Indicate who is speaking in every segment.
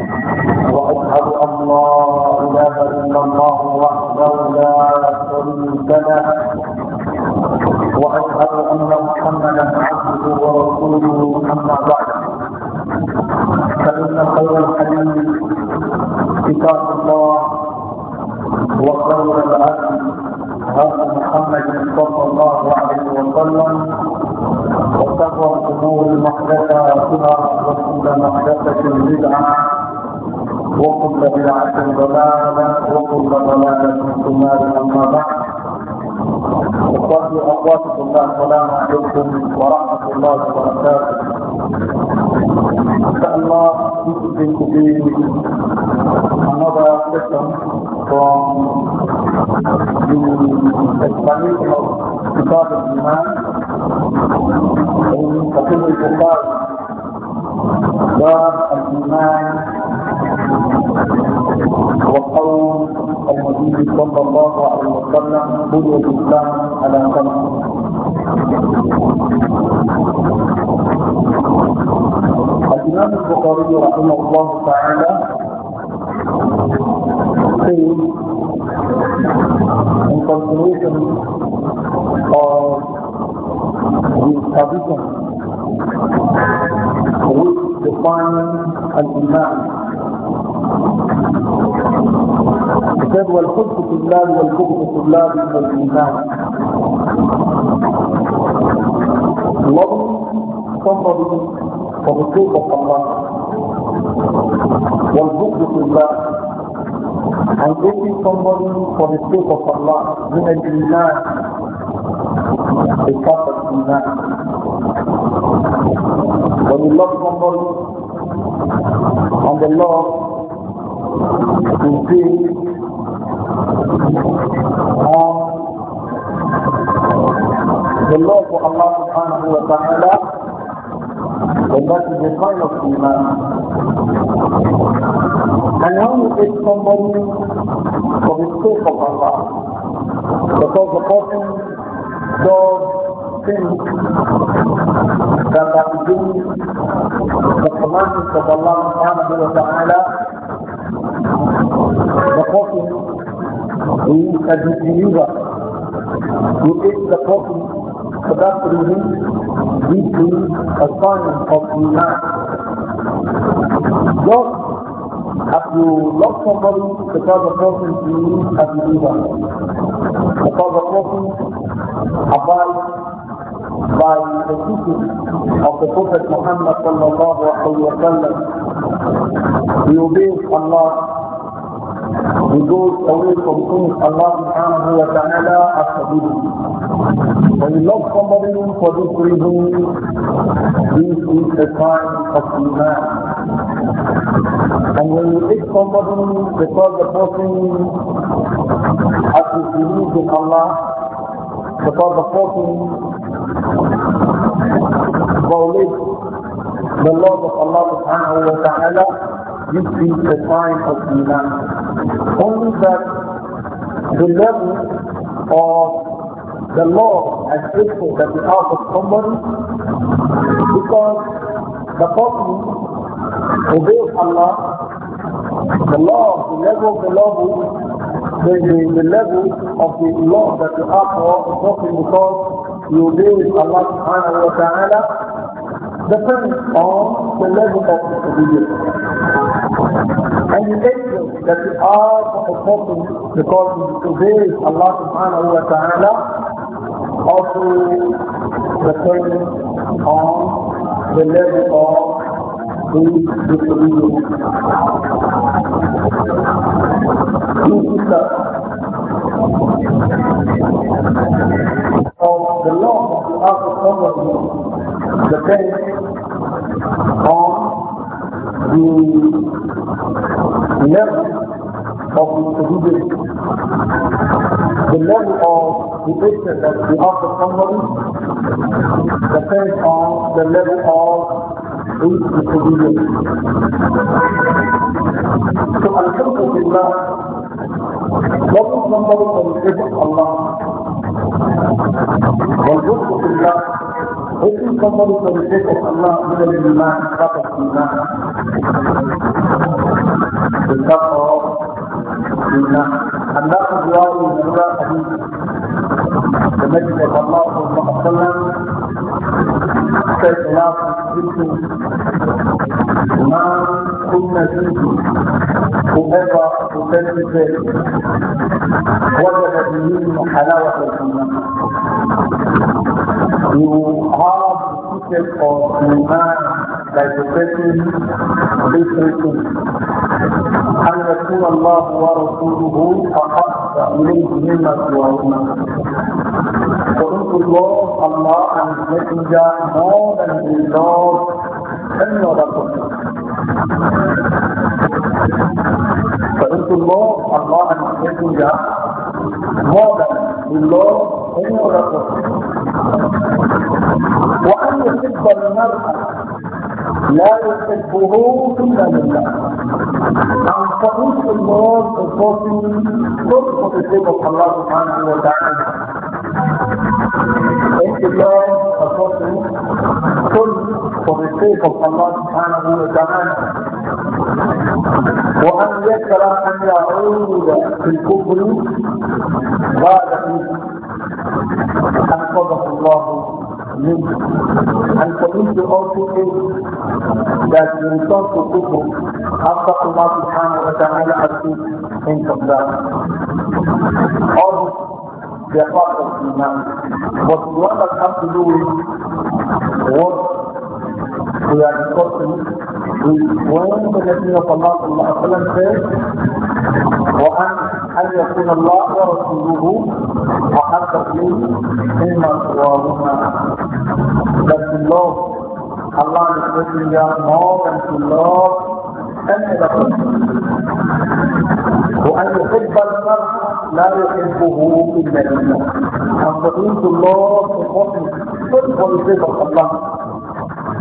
Speaker 1: واشهد ان لا اله الا الله وحده لا شريك له واشهد ان محمدا عبده ورسوله اما بعد فان خير الحديث كتاب الله وخير الهدي هذا محمد صلى الله عليه وسلم وشر الامور محدثاتها وكل محدثه بدعه وكل بدعة ضلالة وكل ضلالة في النار أما بعد إخواتي وأخواتي الله السلام عليكم ورحمة الله وبركاته إن شاء الله this is going to be another session from the explanation of Kitab al-Iman in Kathir al-Bukhari باب الإيمان وقول النبي صلى الله عليه وسلم بني الاسلام على خمس الامام البخاري رحمه الله تعالى قيل in continuation of his tradition which defines an imam الجد والحب في الله والبغض في الله من الإيمان الذي صمد وبطوبة الله والبغض في الله and hating somebody for the sake of Allah من الإيمان is part of إيمان when you love somebody and the love is بالله الله سبحانه وتعالى التي بقاية الإيمان And when you take somebody the sake of Allah, because the person does things that are doing the commandments of Allah subhanahu wa ta'ala, the person who is a disbeliever, who is the Prophet for that reason deeply a sign of Iman. Just as you love somebody because the person is a believer, because the Prophet by the teaching of the Prophet Muhammad sallallahu alayhi wa sallam, he obeys Allah he goes away from things Allah subhanahu wa ta'ala has forbidden. When you love somebody for this reason, this is a time of iman. And when you hate somebody because the person has disbelieved in Allah, because the person violates the laws of Allah subhanahu wa ta'ala, this is a sign of iman. Only that the level of the law and that we have of somebody because the person obeys Allah, the law, the level of the law, the, the, the level of the law that you have for the person because you obey Allah subhanahu wa ta'ala depends on the level of disobedience. And you that we are successful because today Allah subhanahu wa ta'ala also returning on the level of the disobedience. Of the law of the Ark of the بنفس of to do The level of the issue that we offer somebody depends on the level of the disobedience. So Alhamdulillah, loving somebody for the sake of Allah, والبشر Allah, وكل فضل فبشكر الله من الإيمان فقط الإيمان بالتقوى الإيمان الله جواري من الله حديث تمجد الله صلى الله عليه وسلم كالخلاف جبت ما كنا جبت وبقى وتنفذ وجد بهم حلاوة الإيمان you have pieces of Iman by professing this written. أن يكون الله ورسوله فقط إليه مما سواهما. فقلت الله الله and His Messenger more than He loves any other person. فقلت الله الله and His Messenger more than لله هو رسول وأن يحب المرء لا يحبه إلا لله عن طريق المراد الباطن تربط الهبة الله سبحانه وتعالى انت الله الباطن تربط الهبة الله سبحانه وتعالى وأن يكره أن يعود في الكفر بعد أن قضى الله منه and for him to also say that he returns to kufr after Allah subhanahu wa ta'ala has in Qadar. All they are part of Iman. But what have to do with what يعني قصة وانت الذين طلعت الله أصلا فيه وأن أن يكون الله ورسوله أحد فيه إما سوالنا بس الله الله يسلم يا الله بس الله أن يدخل وأن يحب المرء لا يحبه إلا لله أن تقول الله في قصة تدخل في الله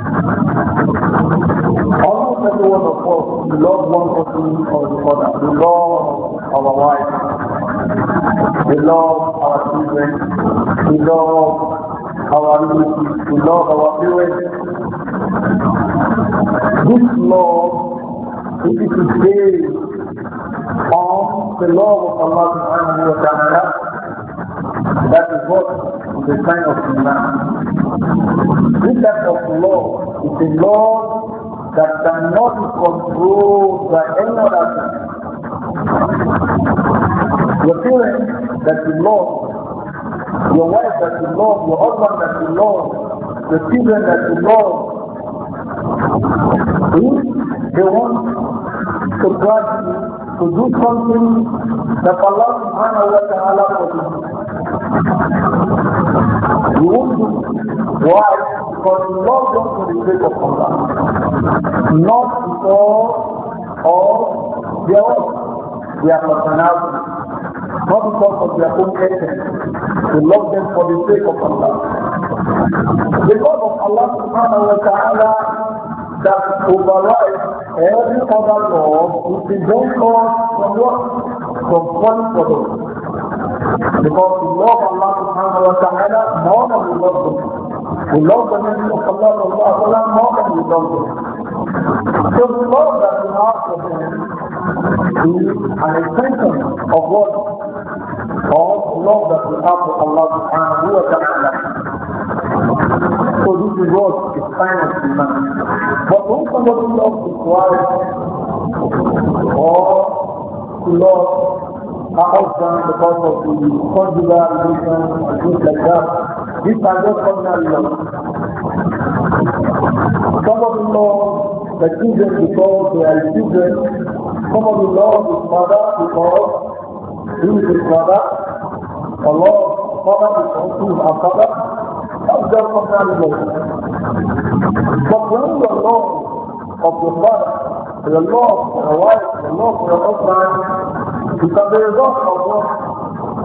Speaker 1: All Almost everyone of us love one person or the other. We love our wife. We love our children. We love our relatives. We love our parents. This love, it is based on the love of Allah subhanahu wa ta'ala, That is what is the sign of Iman. This type of law is a law that cannot be controlled by any other thing. Your parents that you love, your wife that you love, your husband that you love, the children that you love, hmm, they want to drag you to do something that Allah subhanahu wa ta'ala you. You won't do why? Because you love them for the sake of Allah. Not because of their own, their personality. Not because of their own essence. You love them for the sake of Allah. Because of Allah subhanahu wa ta'ala that overrides every other law is prevent us from what? From falling for those. Because we love Allah subhanahu wa ta'ala more than we love them. We love the Nabi of Allah subhanahu wa taala more than we love them. So the love that we have for Him is an extension of what? Of love that we have for Allah subhanahu wa ta'ala. So this is what is kind of iman. But when somebody loves his wife or to love are often because of the conjugal relation and things like that. These are just ordinary laws. Some of the laws, the children because they are children. Some of the laws is father because he is his father. A law of father because he is a father. That's just ordinary laws. But when the law of the father The wife, the رواية إلى الله رواية because the result of what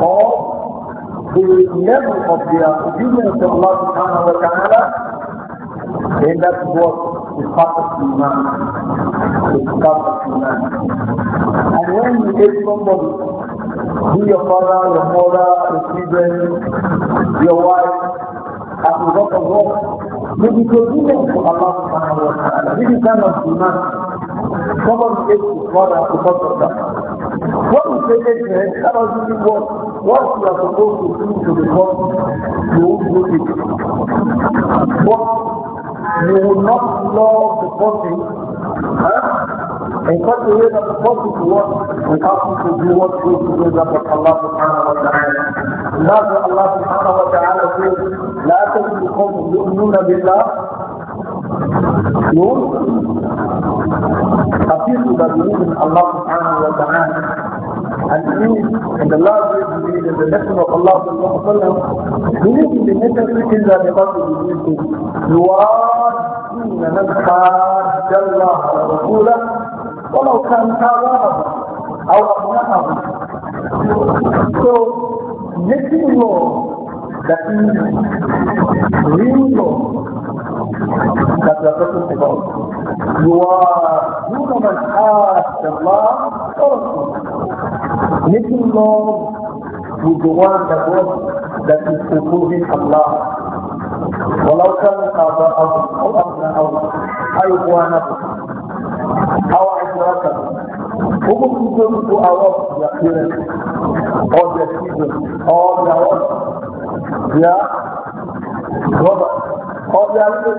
Speaker 1: or the level of their obedience to Allah subhanahu wa ta'ala then that's what is part of Iman is part of Iman and when you take somebody be your father, your mother, your children, your wife as a result of what Dedicated to Allah subhanahu wa ta'ala. This is kind of iman. Someone says to God and to God of God. What you say is that that doesn't mean what, what you are supposed to do to the God, you won't do it. But you will not love the in such way that the to what without you to do what you do that of Allah subhanahu wa ta'ala. That's Allah subhanahu wa ta'ala says. لا تجد انكم بالله نور حقيقه بدون الله سبحانه وتعالى الدين ان يكون الله صلى الله عليه وسلم يجب ان يكون الا بقصد يريدكم يراد ان نبحث الله ولو كان كاظم او ابناءه that is real love that we are talking about. You are human and of Allah also making love with the one that was that is supporting Allah. ولو كان آباءهم أو أبناءهم أو إخوانهم أو عشيرتهم Even people who are lost their parents or their children or their wives ya roba ọbẹ̀ alẹ́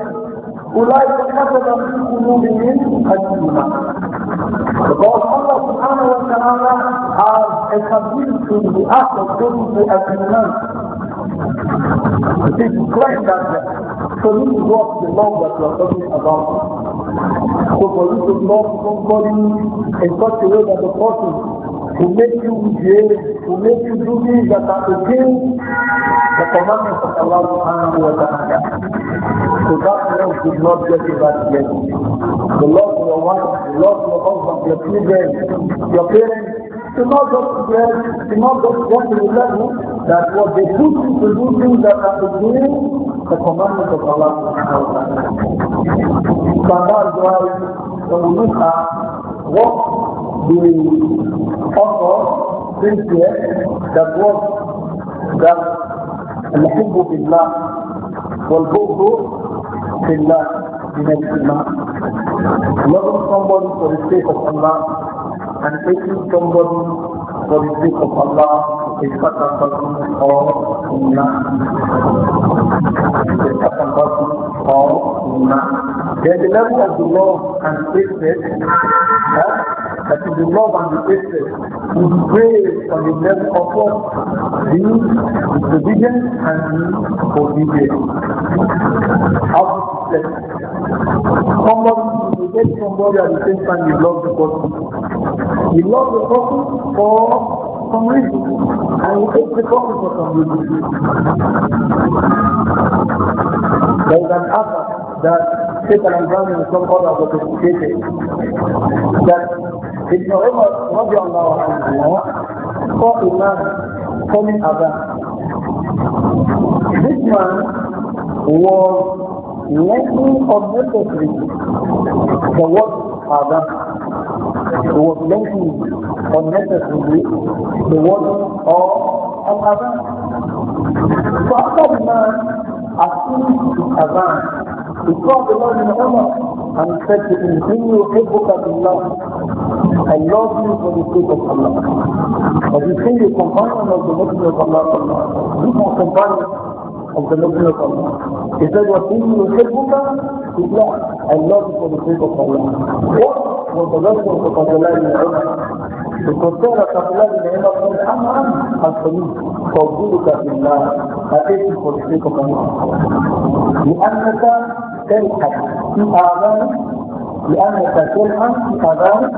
Speaker 1: ulai kasaba fi qulubihim al-iman because Allah subhanahu wa ta'ala has established in the act of going to al-iman it is clear that so this is what the love that we are talking about so for you to love somebody in such a way that the person to make you behave, to make you do things that are against the commandments of Allah subhanahu wa ta'ala. So that love will not get you that yet. The love of your wife, the love of your husband, your children, your parents, do not just well, do not just go to the level that what they put you to do things that are against the commandments of Allah subhanahu wa ta'ala. So that's why when we look at what the author says here that what that الحب في الله والبغض في الله من الإيمان loving somebody for the sake of Allah and hating somebody for the sake of Allah is second person or sunnah. The second person or sunnah. the level of the law and faith that in the love and the hatred would pray for the death of us, the disobedient and the obedient. How to success. Somebody you get somebody at the same time you love the person. You love the person for some reason. I will take the coffee for some reason. There is an offer that Satan and Brahmin and some other were participating that Ibn Umar radiallahu anhu saw a man coming about. This man was lacking unnecessarily the word Adam. He was mentioned unnecessarily the word of an Azan. So after the man as
Speaker 2: soon as
Speaker 1: Azan, he called the Lord in honor and said to him, "Bring your book of Allah. I love you for the sake of Allah." But he said, "The companion of the Messenger of Allah, you are companion of the Messenger of Allah." He said, "What do you hate book of Allah? I love you for the sake of Allah." What وتذكر فقدلان العمر تذكر فقدلان العمر والحمى عنه الصديق توجيهك في الله أتيت فرسيك كمان لأنك تلحق في آذانك لأنك تلحق في آذانك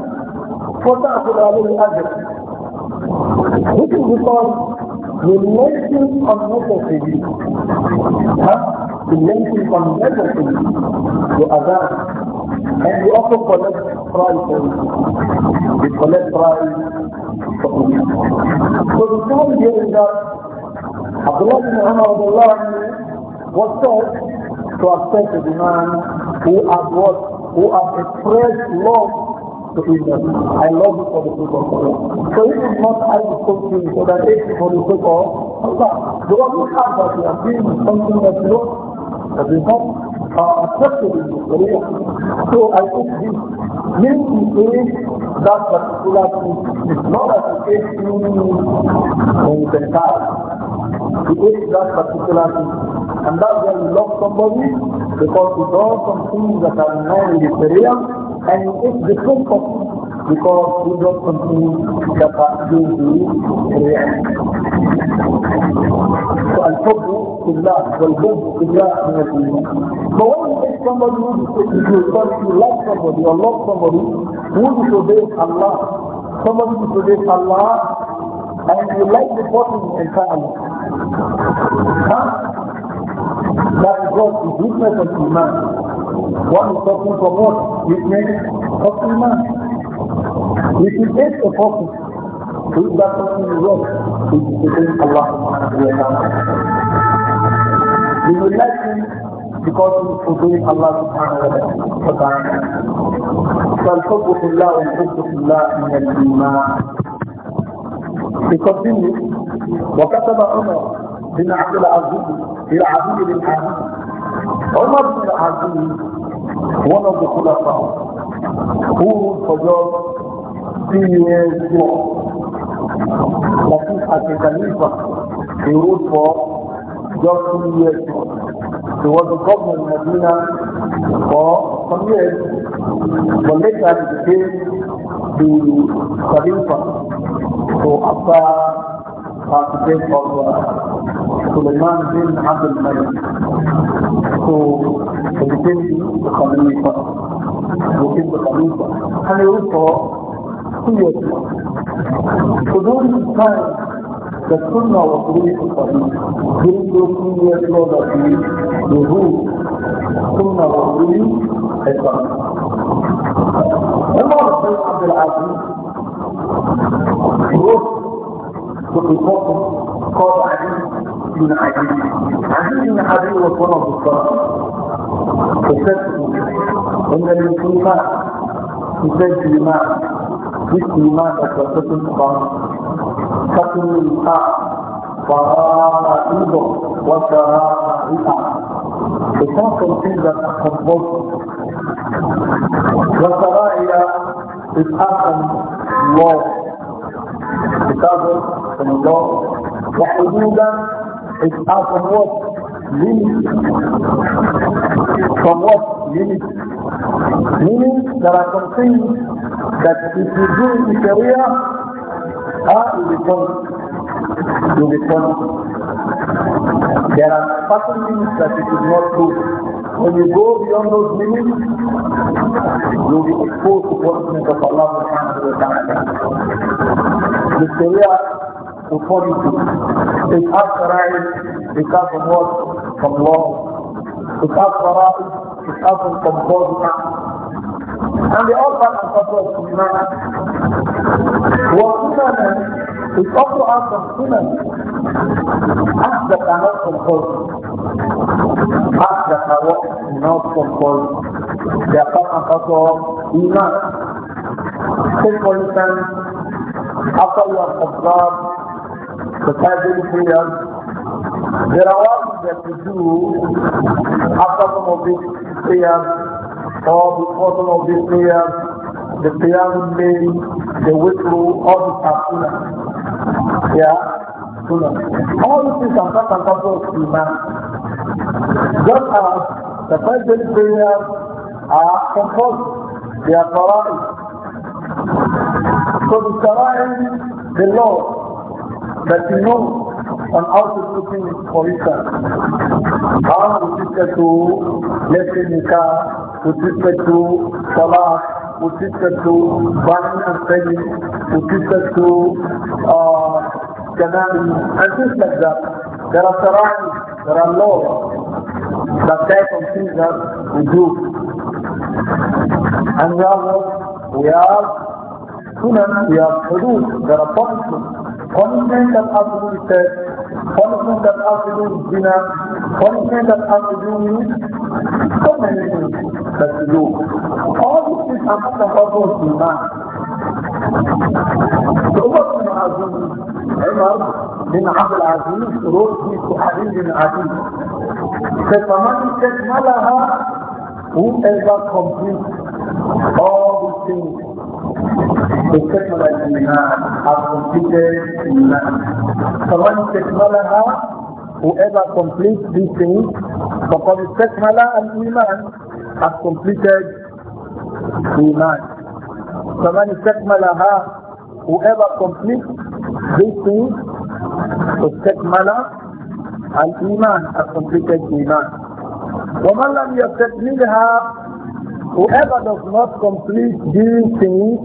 Speaker 1: وتأخذ عليه أجر مثل بطال للنفس قنطة فيه ها؟ للنفس قنطة فيه وأذانك And we also collect price from We collect price from So the story here is that Abdullah bin Umar was taught to accept the man who has what, who has expressed love to Israel. I love you for the sake of Allah. So it is not I to something so that it is for the sake of Allah. The one who has that, we are doing something that you know, that is not are accepted in the Sharia. So I think this means to say that particular thing is not as it is in, in the car. It is that particular thing. And that's why you love somebody because you does some things that are known in the Sharia and it's the different from because we don't control the possibility فالحب في الله والحب في الله من الدين. But when you take somebody who is you you like somebody or love somebody who disobeys Allah, somebody disobeys Allah and you like the person entirely. Huh? That is what is weakness of Iman. One is talking for what? Weakness of Iman. We should take the focus to that work which is within Allah subhanahu wa ta'ala. We will like him because he is fulfilling Allah subhanahu wa ta'ala. فالحب في الله والحب في الله من الإيمان. يقدمه وكتب عمر بن عبد العزيز للعزيز بن عزيز عمر بن العزيز one of the Khulafa who ruled for just seriously. That is as a believer, he wrote for just two years. He was the governor in Medina for some years, but later he became the Khalifa. So after the death of Sulaiman bin Abdul Malik, so he became the Khalifa. He became the Khalifa. And he wrote for وصية حدود الإنسان كالسنة وطريق الطريق بالوصية لغة وجود سنة وطريق الطريق عمر بن عبد العزيز روح بقصته قال علي بن عزيز علي بن عدي وصنع بالصلاة فسدت ان الانسان يسجل معه باسم تتفق تطلق فرائض وشرائع إطلاق عند التخبط
Speaker 2: وشرائع
Speaker 1: إطلاقا الله كتاب الله وحدودا إطلاق الله لمن فالوقت لمن لمن there are some things that if you do in Sharia, ah, you will You will There are certain things that you should not do. When you go beyond those limits, you will be exposed to punishment of Allah subhanahu wa ta'ala. The Sharia will fall into it. It has right, it has from what? From law. It has right, it has from God. And they all back and forth to Imam. وسنن is also out of sunnah. Acts that are not compulsory. Acts that are what? Not compulsory. They are back and forth to Imam. Take for instance, after you have observed the five daily prayers, there are ones that you do after some of these prayers or because of the prayer, the prayer made the withdrawal of the sakuna. Yeah, sunnah. All these things are part and parcel of Iman. Just as the five daily prayers are composed, they are Quranic. So the Quranic, the law that you know on how to do things for instance. How to get to let's say nikah وتثبت صلاة وتثبت بان الثاني وتثبت كمان and things like that. There are sarai, there are laws that type of things that we do. And we have we have sunan, we have hudud, there are punishments. Punishment that has to do with punishment that has to do with dinner, punishment that has to do with ثم فالسلوك all these are not about iman عمر بن عزيز عمر بن عبد العزيز رشدي صحابي عزيز فكمان استكملها whoever completes all the things استكمل الايمان have completed الايمان كمان استكملها whoever completes these things, فَقَدْ and الْإِيمَانِ has completed Iman. فَمَنْ اسْتَكْمَلَهَا whoever completes these things, اسْتَكْمَلَ الْإِيمَانِ has completed Iman. وَمَنْ لَمْ يَسْتَكْمِلْهَا whoever does not complete these things,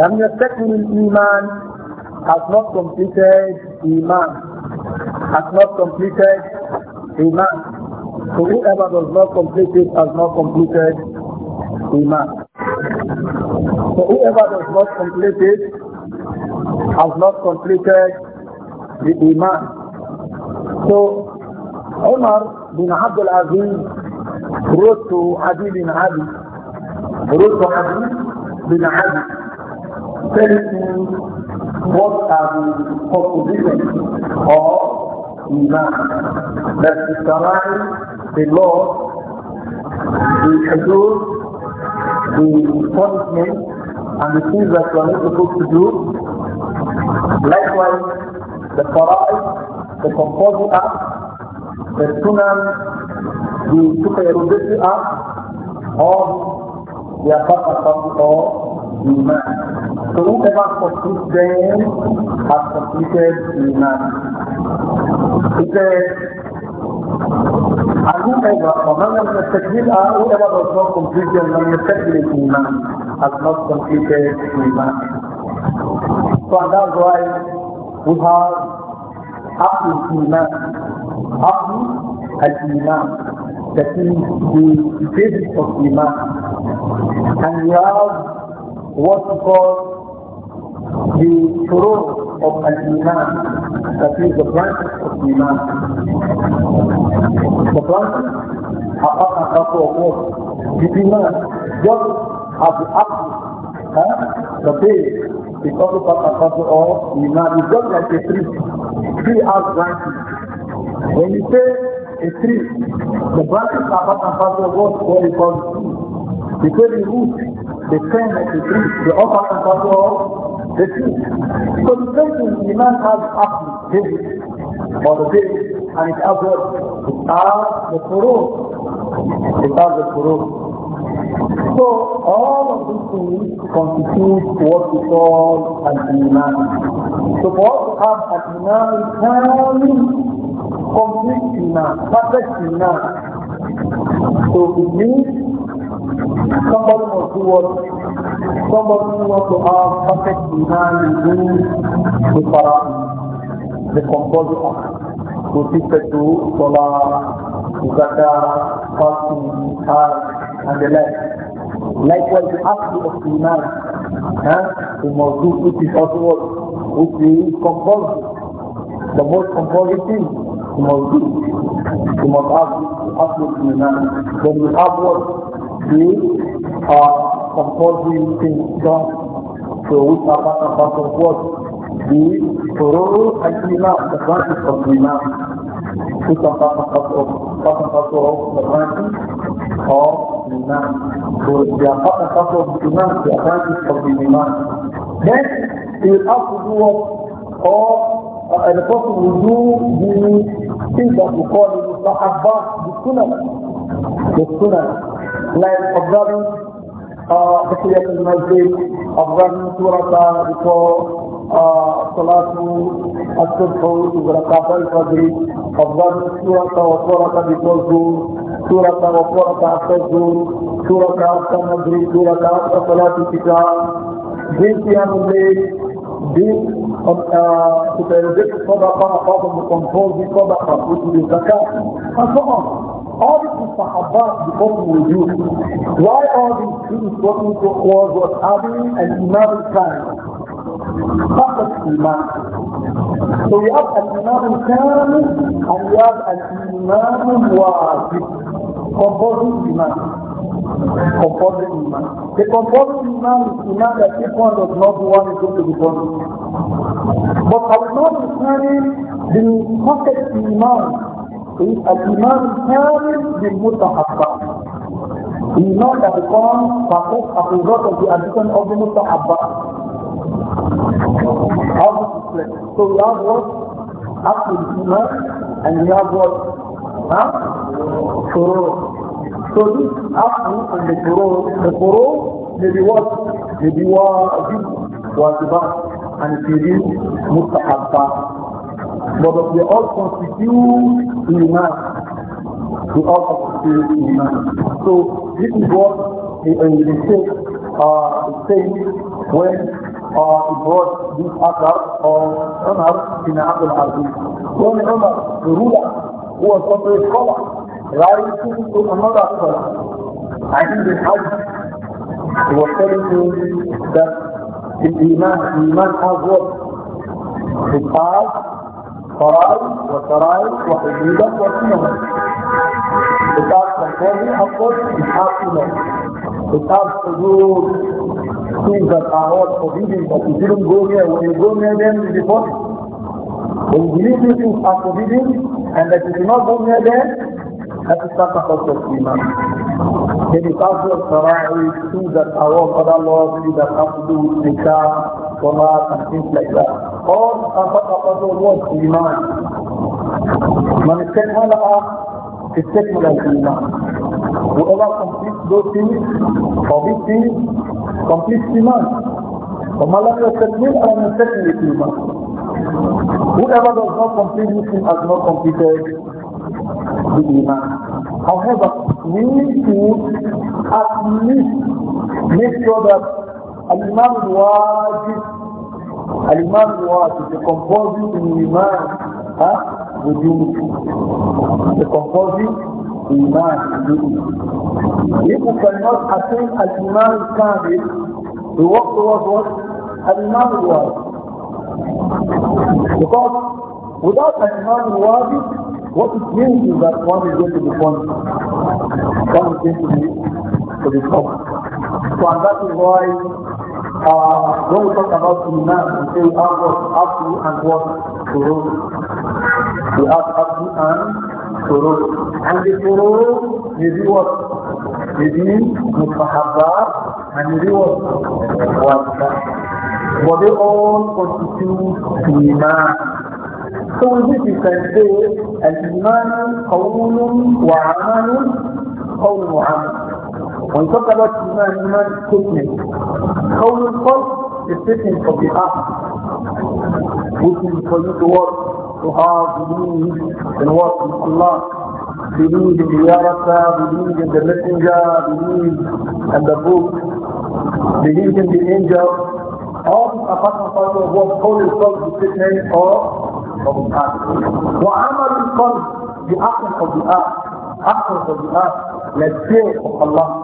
Speaker 1: لَمْ يَسْتَكْمِلِ الْإِيمَانِ has not completed Iman has not completed Iman. So whoever does not complete it has not completed Iman. So whoever does not complete it has not completed the Iman. So Umar bin Abdul Aziz wrote to Adi bin Abi, wrote to Adi bin Abi, telling him what are the propositions of Iman that summarize the law, the hudud, the punishment, and the things that you are not supposed to do. Likewise, the fara'id, the composite act, the sunan, the supererogatory act, all they are part iman. So whoever pursues them has completed iman. He said, and whoever, among them the takbir, whoever does not complete them, then the takbir iman has not completed iman. So and that's why we have Abdul Iman. Abdul al-Iman. That is the basis of Iman. And we have what we call the shurur of al-Iman, that is the branches of the Iman. The branches are part and parcel of what? The Iman, just as the apple, huh? the base, is also part and parcel of the Iman. It's just like a tree. Tree has branches. When you say a tree, the branches are part and parcel of what? What we call the tree. You say the root The claim that they preach, the offer and fatwa, the preach. So the is, the man has after his or the day and his other are the furor. It are the furor. So all of these things constitute what we call an iman. So for us to have an iman, complete iman, perfect iman. So it means Somebody must do what? Somebody wants to have perfect iman in the para, the compulsion, to teach to Salah, Zakah, fasting, Hajj, and the like. Likewise, the act of iman, huh? the must which is also what? Which is compulsion. The most compulsive thing you must do. You must have the act of iman. Then you have what? do are composing things done so which are part and parcel of what the furor and imam, the branches of the imam, which are part and parcel of, part and parcel of the branches of the imam. So they are part and parcel of the imam, they are branches of the imam. Then he have to do what or uh, and the person will do the things that we call the mustahabbat, the sunnah, the sunnah. like observing uh, the Kiryat al Masjid, observing Surah before uh, Salatu Asturfu to the Kafal Fadri, observing Surah Ta Surah Ta before Zul, Surah Ta wa Surah Ta after Zul, Surah Ta after Madri, Surah Ta after Salatu Kitab, this year this uh, to the the which is zakat, and so on. All this is sahabat because with you. Why all these things working towards what having an Imam time? Faqat Imam. So we have an Imam time and we have an Imam Imam. Composite Iman. The composite Iman is Iman that each one does not do one is going to be one. But I will not be carrying the pocket Iman. It is an Iman carrying the Mutahabba. Iman that becomes perfect as a result of the addition of the Mutahabba. How this is played. So we have what? Absolute Iman and we have what? Huh? Furor. So this Afu and the Qur'an, the Qur'an may be what? May was wajib, wajibat, and it may be mustahabbat. But they all constitute iman. They all constitute iman. So this is what the English uh, when uh, he brought this Akar of Umar in Abdul Aziz. When Umar, the ruler, who was also a scholar, writing to another person. I think the Hajj was telling you that the Iman, the Iman has what? Hifaz, Farai, Wasarai, Wahidida, Wasinah. It has controlling, of course, it has to know. It has to do things that are not forbidden, but you didn't go near. When you go near them, you deport it. When you believe these things are forbidden, and that you do not go near them, that is not the cause of Iman. There is also Sara'i, two that are of other laws, two that have to do with Nikah, Salat, and things like that. All are Whoever completes لم يستكمل أو يستكمل الإيمان. Whoever does not complete Muslim has not completed the However, we need to at least make sure that al wadi, al wadi, the composite Iman, huh, with unity. The composite Iman with unity. If we cannot attain Al-Iman al-Kamil, we work towards what? Al-Iman Because without an wadi. What it means is that one is going to be one, one is going to be to be top. So and that is why uh, when we talk about iman, we say we have what Abu and what Surur. We have Abu and Surur. And the Surur may be what? May be Mutahabbat and may be what? Wazda. But they all constitute iman. So with this you can say الإيمان قول وعمل قول وعمل. When we talk about iman, قول القول is statement of the heart. Which for you to work, to have belief in what is Allah. Believe in the Yarasa, believe in the messenger, believe in the book, believe in the angel. All these are part and parcel of what Paul is called the of وعمل القلب بأقل قضيئات أقل قضيئات للدير حق الله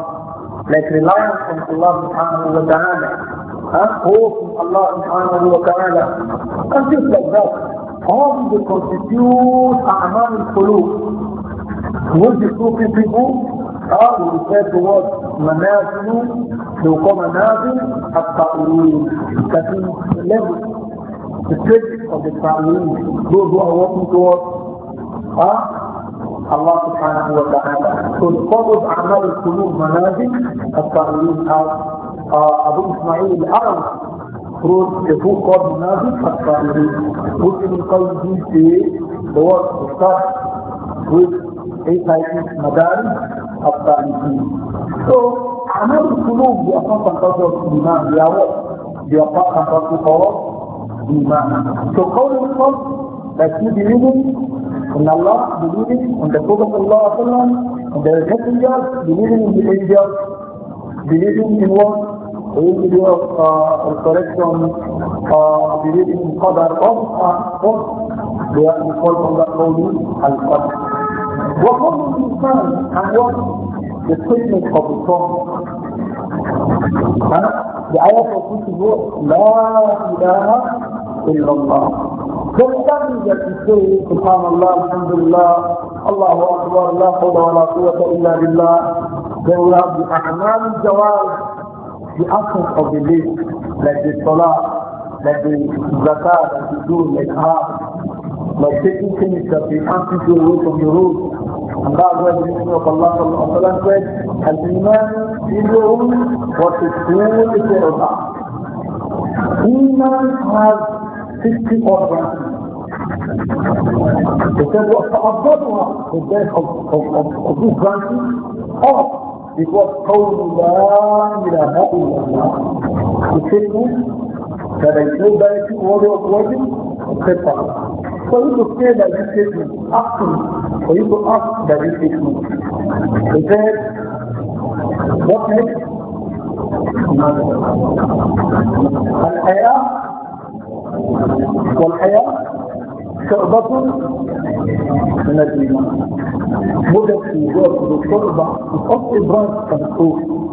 Speaker 1: لك رلاية من الله سبحانه وتعالى خوف من الله سبحانه وتعالى أجل ذلك هم بكونستيوت أعمال القلوب وجه صوفي فيه قالوا رسالة وقت منازل لوقو منازل حتى قلوب كثير لازم the credit of the Ta'ween, those who are working towards huh? Allah subhanahu wa ta'ala. So the followers of Ahmad al-Qulub Manazim, al-Ta'ween as uh, Abu Ismail al-Arab wrote a book called Manazim al-Ta'ween, which Ibn Qayyim says the word to start with eight titles Madari al-Ta'ween. So Amal al-Qulub, the Apostle of Iman, they are what? They are part and the of iman. So calling from that you believe in Allah, believing in the Prophet Allah, in the messengers, believing in the angels, believing in what? In the of uh, correction, uh, believing in Qadar of what? They are called from that holy Al-Qadr. What was the and what the statement of the Prophet بآيات الكتب لا إله إلا الله فالتعبير الإسلامي سبحان الله الحمد لله الله أكبر لا حول ولا قوة إلا بالله دولة بأعمال الجوارح بأصل قبلين لدى الصلاة that the zakat that you do like half, like taking things that we can't take away from the road. And that's why the Messenger of Allah sallallahu alayhi wa said, Al-Iman Ibrahim was the school of Allah. Iman has 60 organs. He said, وَأَفْضَلُهَا The death of, of, of, of this branches off. It was قول لا إله إلا الله. The statement فليسوا ذلك وضع واجب خطة فيبقى كده ده ريسيتمنت أصل فيبقى أصل ده ريسيتمنت فكاد وقت الحياة والحياة شعبة من الإيمان مدة في جوة الشعبة تحط إبراهيم كمسؤول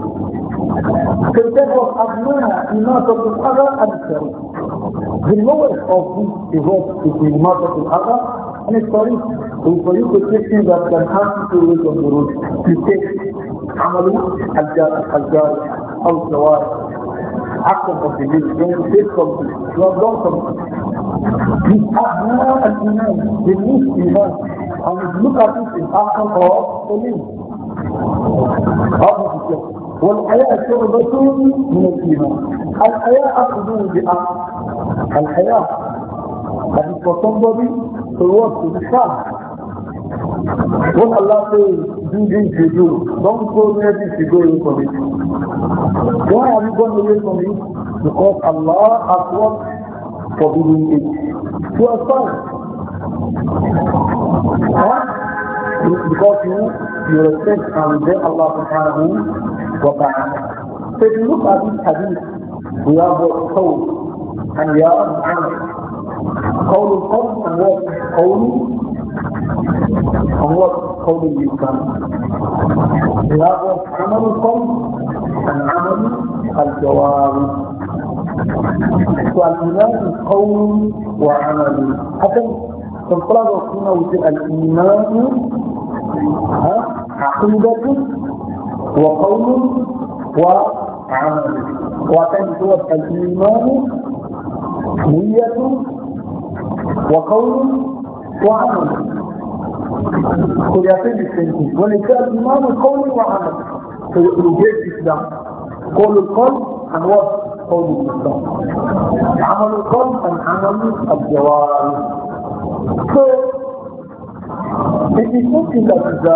Speaker 1: كتابه أغناها إماتة الأذى عن الطريق The lowest of these events is the إماتة الأذى عن الطريق وطريق الشيء that can happen to you on the root you take عمل الجارح الجارح Al سوارح action of the take something. You have done something. The have now the least iman, and look at it in action of the How does it والحياء شعبة من الإيمان الحياء أخذ بأمر الحياء قد تصدر في الوقت الشعب wọ́n aláṣẹ dídí ìṣèjú don go near this ìgbéyìí for me why are you going away from me because Allah has worked for giving it to a son Because you, you respect and obey Allah subhanahu wa ta'ala. So if you look at this hadith, we have what qawl and we have amal. Qawl al-qawl and what? Qawl and what? Qawl al-islam. We have what? Amal al-qawl and amal al-jawari. So al-iman is qawl wa amal. Hakan فالخلاصة هنا وتبقى الإيمان عقيدة وقول وعمل وعشان هو الإيمان نية وقول وعمل كل بالسنين التنفيذ الإيمان قول وعمل في وجهة الإسلام قول القلب عن وصف قول الإسلام عمل القلب عن عمل الجوارح So, it is something that is uh,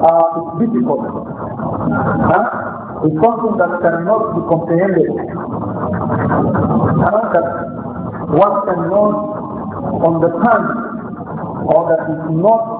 Speaker 1: uh, difficult. Huh? It's something that cannot be comprehended. Huh? That one cannot understand or that is not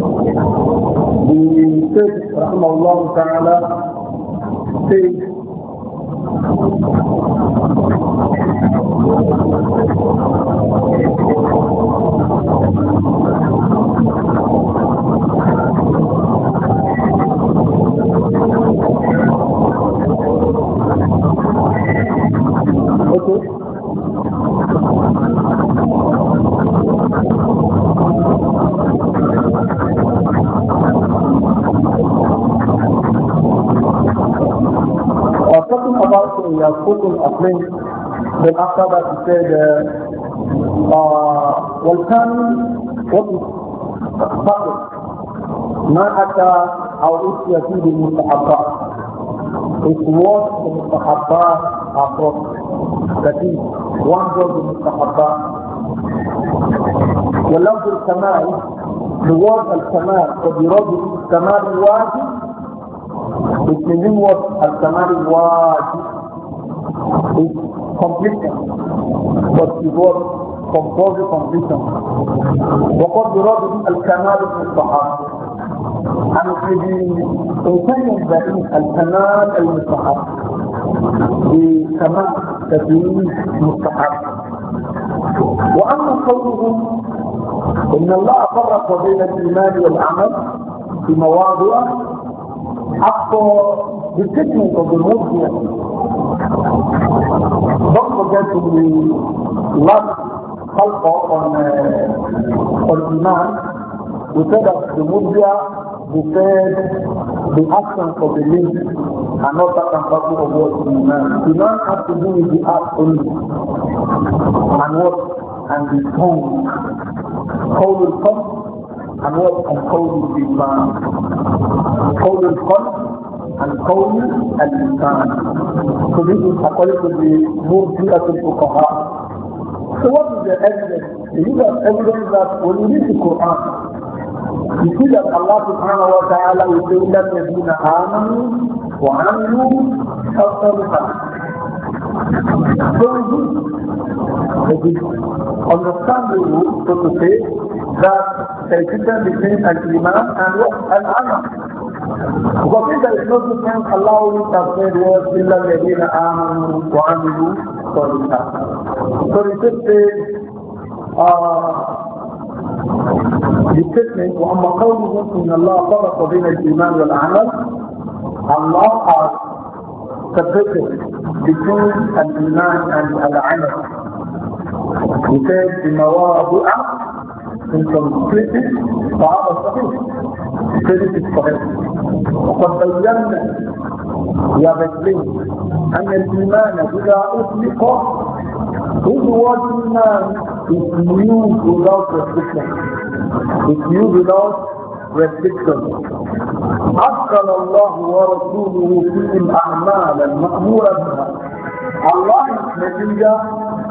Speaker 1: The Sheikh Rahimahullah Ta'ala says Okay. about we have spoken of length, then after that he said, uh, uh, well, can what is فقر ما أتى أو أتي فيه المستحبات It's what the mustahabbat are from. That is, one does the mustahabbat. ولفظ الكمال, the word الكمال, the يرد الكمال الواجب which means in what al-kamal wajib is completion. But it was compulsory completion. وقد يراد الكمال المستحب and it will be intended that is الكمال المستحب بكمال تدريس مستحب واما قوله ان الله فرق بين الايمان والعمل في مواضع after the treatment of the movement. Don't forget to the last halqa on, uh, on Iman, we said that the Mubia, we said the actions of the link are not that and parcel of what the Iman. Iman has to do with the act only. And what? And the tongue. How will come? and what and قول اللسان قول القلب and قول اللسان so this is according to the مرجئة الفقهاء so what is the evidence? You have evidence that when you read the Quran, you see that Allah subhanahu wa ta'ala will say, إِلَّا الَّذِينَ آمَنُوا وَعَمِلُوا الصَّالِحَاتِ So we do, we understand the rule, so to say, that there is difference between an imam and what? An anak. Because if there is no difference, Allah will translate words إِلَّا الَّذِينَ آمَنُوا وَعَمِلُوا صَالِحًا So it just says, uh, بالستمنت واما قوله ان الله فرق بين الايمان والعمل الله has separated between الايمان and العمل he said بمواضع انت مستيقظ فهذا صحيح كلمة صحيح وقد بينا يا بدرين أن الإيمان إذا أطلق هو الإيمان is new without restriction is new without restriction أدخل الله ورسوله فيهم أعمالا مأمورا بها الله نتيجة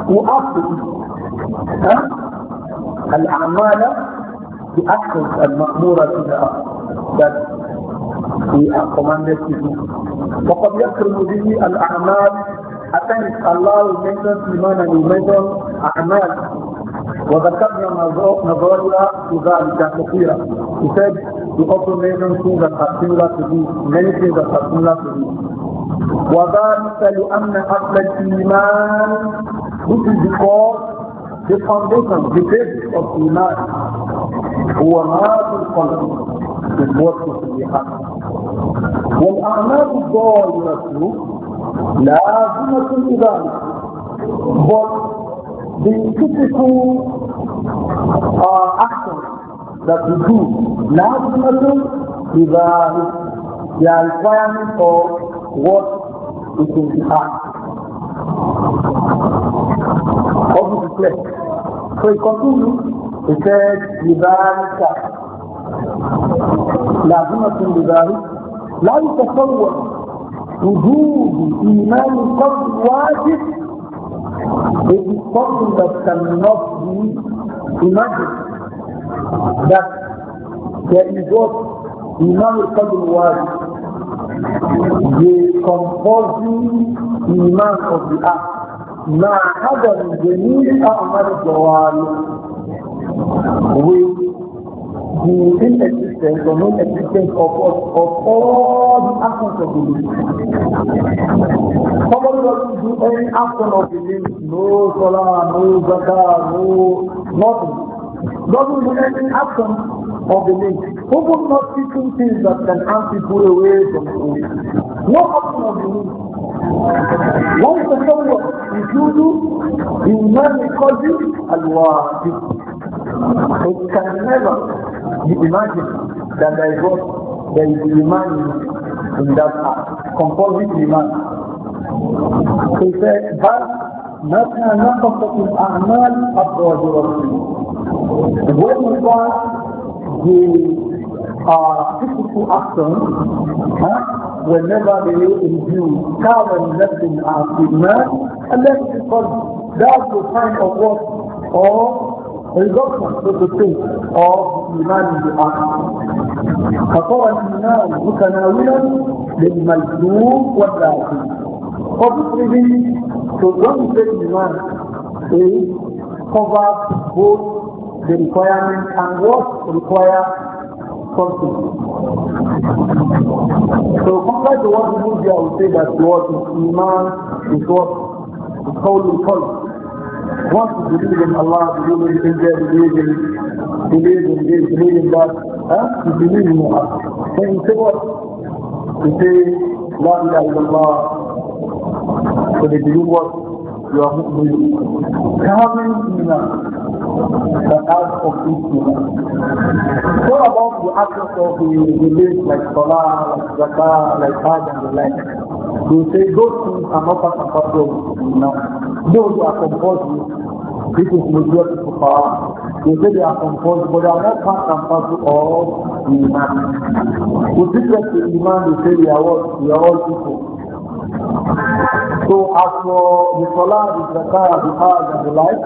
Speaker 1: وأصل ها الأعمال بأكثر المأمورة إلى أكثر في أقمانته وقد يكرم به الأعمال أتن الله منهم فيما نلومهم أعمال وذكرنا نظرنا في ذلك كثيرا كتاب يقول منهم في ذكرتنا في ملك ذكرتنا في وذلك لأن أصل الإيمان مثل ذكر the foundation, the base of Iman, هو ماذا القلب بالوصف في الحق والأعمال الضالة لازمة لذلك but the typical uh, that we do لازمة لذلك they are requirement of what is in the heart. of the you So he continues, he said, لذلك لازمة لذلك لا يتصور وجود إيمان قلب واجب It is something that cannot be imagined. That there is what Imam al-Qadr was, the compulsory of the act. مع عدم جميع أعمال we with the inexistence or non-existence of, us, of all the actions of the belief. Somebody doesn't do any action of the belief, no salah, no zakah, no nothing. Doesn't do any action of the belief. Who would not teaching things that can hand people away from the truth? وقت مجنون لا يتصور وجود إيمان القلب الواجب It can never be imagined that there is what there is iman in that act, composite iman. he said, but متى a الأعمال of ربي. When we pass the uh, people action huh, whenever they imbue carbon left in our signal, and that's because that's the sign of what? Or reduction, so to say, of humanity action. فطوى الإيمان متناولا للمجنون واللاعب. Obviously, to don't say Iman is covers both the requirement and what requires something. So compared to what people do, I would say that what is Iman is what is called in what is you believe in Allah, believe in India, believe in believe in this, believe in that, huh? you believe in Allah. Then you say what? You say, La ilaha illallah. So they believe what? you are Muslim. Having iman, the act of iman. So about the actions of the beliefs like salah, like zakah, like hajj and the like. They say those things are not part and parcel of iman. Those who are compulsory, this is majority to power. They say they are composed, but they are not part and parcel of iman. With respect to iman, they say they are all. They are all people.
Speaker 2: So
Speaker 1: as for the Salah, the Zakah, the Hajj, and the like,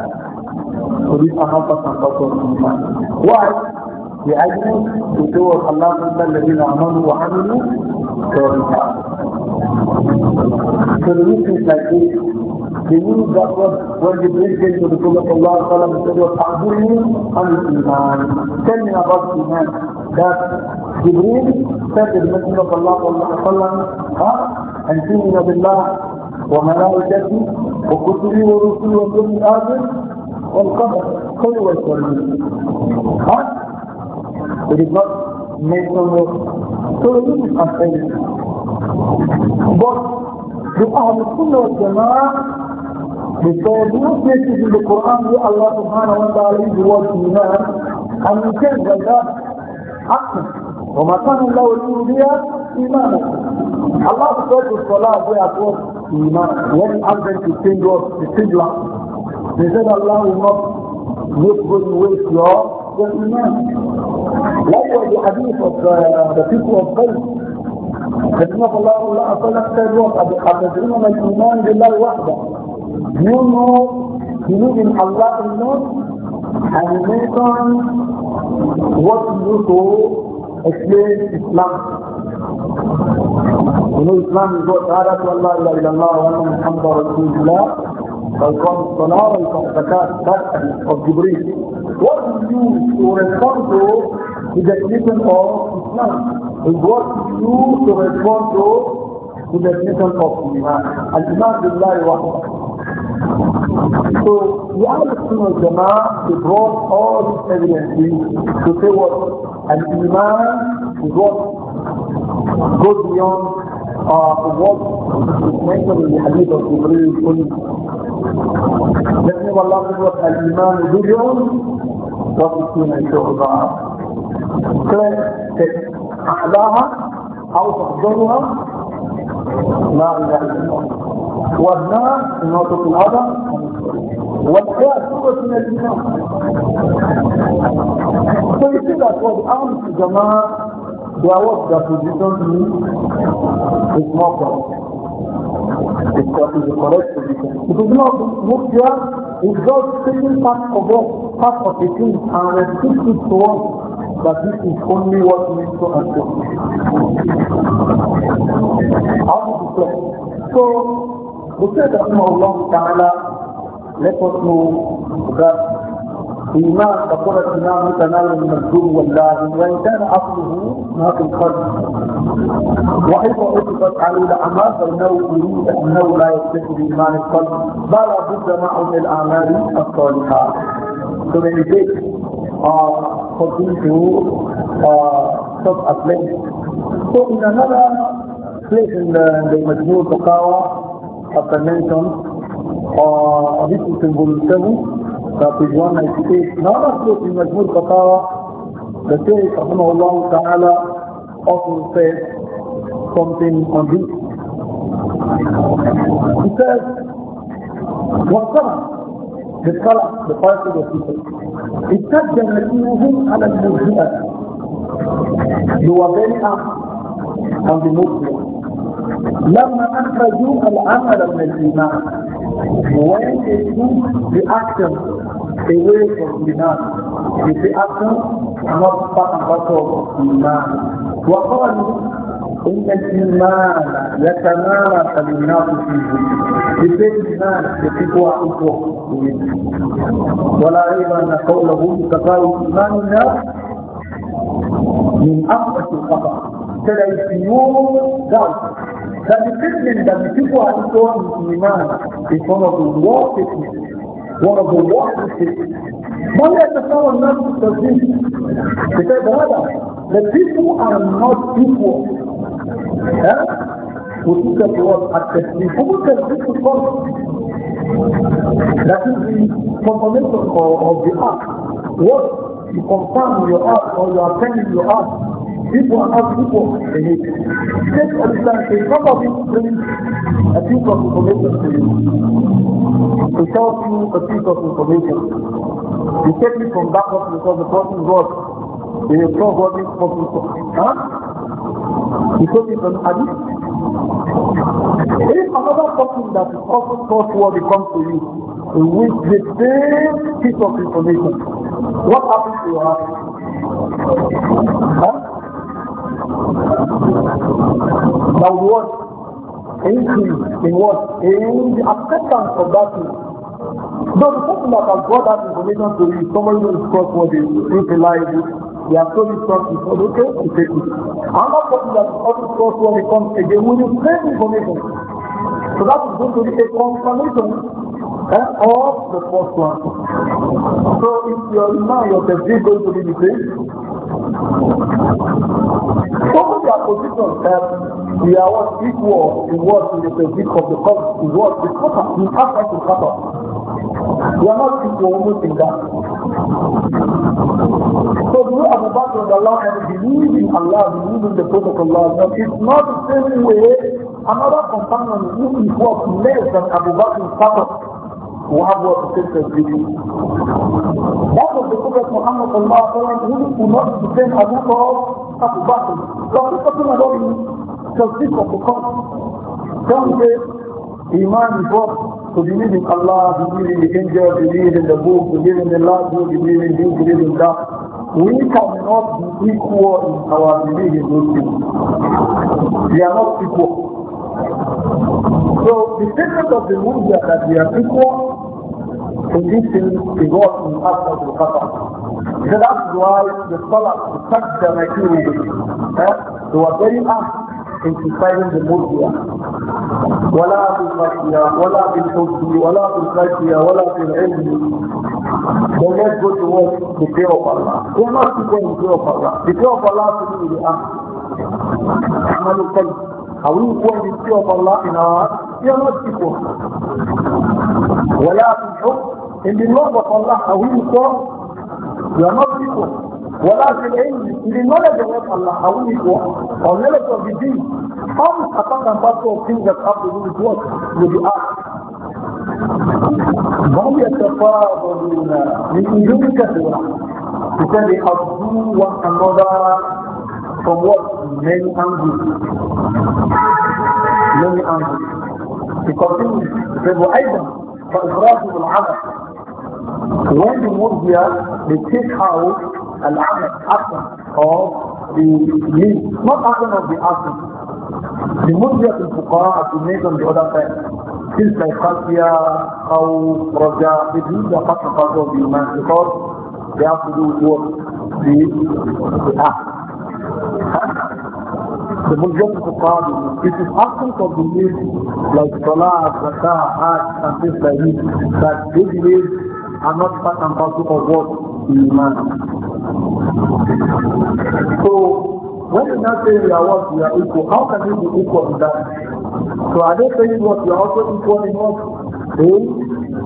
Speaker 1: so these are not part and parcel of Why? لأجل بدو خلاق الله الذين أمنوا وعملوا كورنا كورنوك الساكين كمين الضغط والجبريل جيد بطولة الله صلى الله عليه وسلم تعبوني عن الإيمان كم من أبعض الإيمان ذات جبريل ساكد مدينة الله صلى الله عليه وسلم ها أن تؤمن بالله وملائكتي وكتبي ورسولي وكل آدم والقبر كل واحد ها It is not mentioned of so this is an error. But the Ahl Sunnah wal Jama'ah they said no places in the Quran where Allah subhanahu wa ta'ala is the word Iman and you can get that action. وما كان الله ليضيع إيمانكم الله said to Salah where at was, Iman when asked them to change to change Qibla they said Allah will not make good waste your your Iman واول حديث دقيق والقلب كلمة الله الله لك كتاب وقت أتدعون الإيمان بالله وحده منه يريد من الله النور animation وصلته إسلام إسلام explain الإسلام يقول تعالى لا إله إلا الله وأن محمد رسول الله فالقام الصلاة والزكاة that of Jibreel what you Is a definition of Islam. It what you to respond to the definition of Iman. And Iman is very one. So the Ahlul Sunnah al Jama'ah, they brought all these evidences to say what an Iman is what goes beyond uh, what is mentioned in the Hadith of Ibrahim Sunnah. Let me Allah what al-Iman is beyond what is seen in Shul'Ba'ah. ثلاث أحداها أو تحضرها لا إله إلا الله وابنها نقطة الأذى والحياة سورة من الإيمان فيصير أقوال أمس جماعة دعوات that position me is not correct. It's not the correct position. It is not Muftia It's just taking part of what part of the team and restricted to one but this is only what needs to happen. How to deflect. So, the Sayyid Allah Ta'ala let us know that إيمان فقرة إيمان يتناول المجهول والله وإن كان أصله ما في الخلق وحيث أثبت عليه الأعمال فإنه يريد أنه لا يكتفي بإيمان الخلق بل بد معه من الأعمال الصالحة. So when take continue to uh, talk at So in another place in uh, the, in the Majmur Tokawa, as I mentioned, uh, this is in Volume 7, that is 198. Another place in Majmur Tokawa, the Shaykh Rahimahullah Ta'ala also said something on this. He says, what's وَالْقَرَى The color, the party of people. اشتد نسيهم على المرجئة You were very armed on the Muslims. لما أخرجوا العمل من الإيمان when they took the action away from Iman the action not part and parcel of Iman وقالوا إن الإيمان يتمارس الناس فيه بفعل الناس بتقوى أقوى ولا ريب أن قوله تقاوي إيمان الناس من أقوى الخطأ كلا يسيوم ضعف فبفعل ده بتقوى أقوى الإيمان في صمد الله فتنة ورد الله فتنة ما الناس في التسليم كتاب هذا The people are not equal. وتلك الروايات التسليم وممكن تلك القرض لكن the fundamental of the art what you confirm your art or you are telling your art people are not equal in it take for instance a number of people bring a piece of information to you to tell you a piece of information you take it from that person because the person got a trustworthy person huh? Because it's an addiction. If another person that is also trustworthy comes to you with the same piece of information, what happens to your heart? Now what? Increase in what? In the acceptance of that thing. Now the person that has brought that information to you, someone who is trustworthy, reliable, They are told it not before, okay, you take it. And not what you have taught it first when will you same information? So that is going to be a confirmation eh, of the first one. So if your now your tafsir going to be the same, over their position that eh, we are what equal in what in the tafsir of the cup, in what the cup, in half to cup You are not Christian, you are in God. So do Abu Bakr and Allah and believe in Allah, believe the Prophet Allah. But it's not the same way another companion who is worth less than Abu Bakr Safar who have what the same belief. That was the Prophet Muhammad Allah who is not the same Abu Bakr Abu Bakr. So I'm talking about the justice of the cause. Don't Iman is what? To believe in Allah, to believe in the angel, to believe in the book, to believe in the last to believe in this, to believe in that. We cannot be equal in our belief in those things. We are not equal. So the statement of the media that we are equal in this thing is what in Asad al Qatar. So that's why the scholars the Sajda Makiri, eh, they were very asked inspiring the Murtiya. ولا بالخشية ولا بالحب ولا بالخشية ولا بالعلم. They just go to work the fear of Allah. They are not seeking the fear of Allah. The fear of Allah to do with the act. عمل القلب. Are we equal the fear of Allah in our heart? We are not people. ولا بالحب. In the love of Allah, are we equal? We are not people. ولكن لماذا جاءت الله حوله قولنا في الدين قام أطاق أن بطل في ذات أبو دون الكوات لدي ما هو يتفاضلون من جميع كثيرة بسبب أبو والنظر from what many angles many angles he continues he said well أيضا فإخراجه العمل when the world here they take out العمل أصلا خاص بمين not أصلا of the أصل لمدة الفقراء في النظام العلماء تلك الخلفية أو رجاء بدون قطع قطع بإيمان فقط يأخذوا وقت في أهل the majority of the problem it is absence of the need like salah, zakah, hajj and things like this that they believe are not part and parcel of what iman. So when you now say we are what we are equal, how can you be equal in that? So are they saying what we are also equal in what? The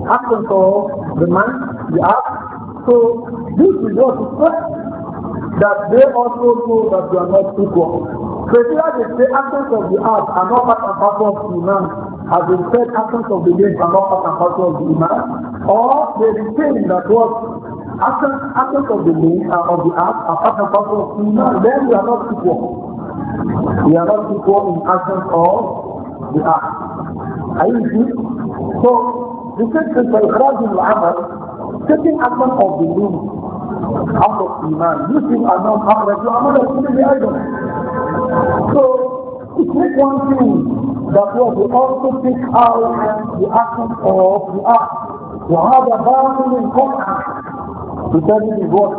Speaker 1: actions of the man, the act. So this is what is correct. That they also know that we are not equal. So if you have the actions of the act are not part and parcel of iman, has been said absence of the name are not part and parcel of the iman, or they retain that was absence, absence of the name and of the act are part and parcel of iman, then we are not equal. We are not equal in absence of the act. Are you see? So the same for Iqraj al-Amal, taking absence of the name out of iman, you people are not upright, you are not a the idol. So, to take one thing That was the also pick out the action of the act. وهذا باطل قطعا بسبب what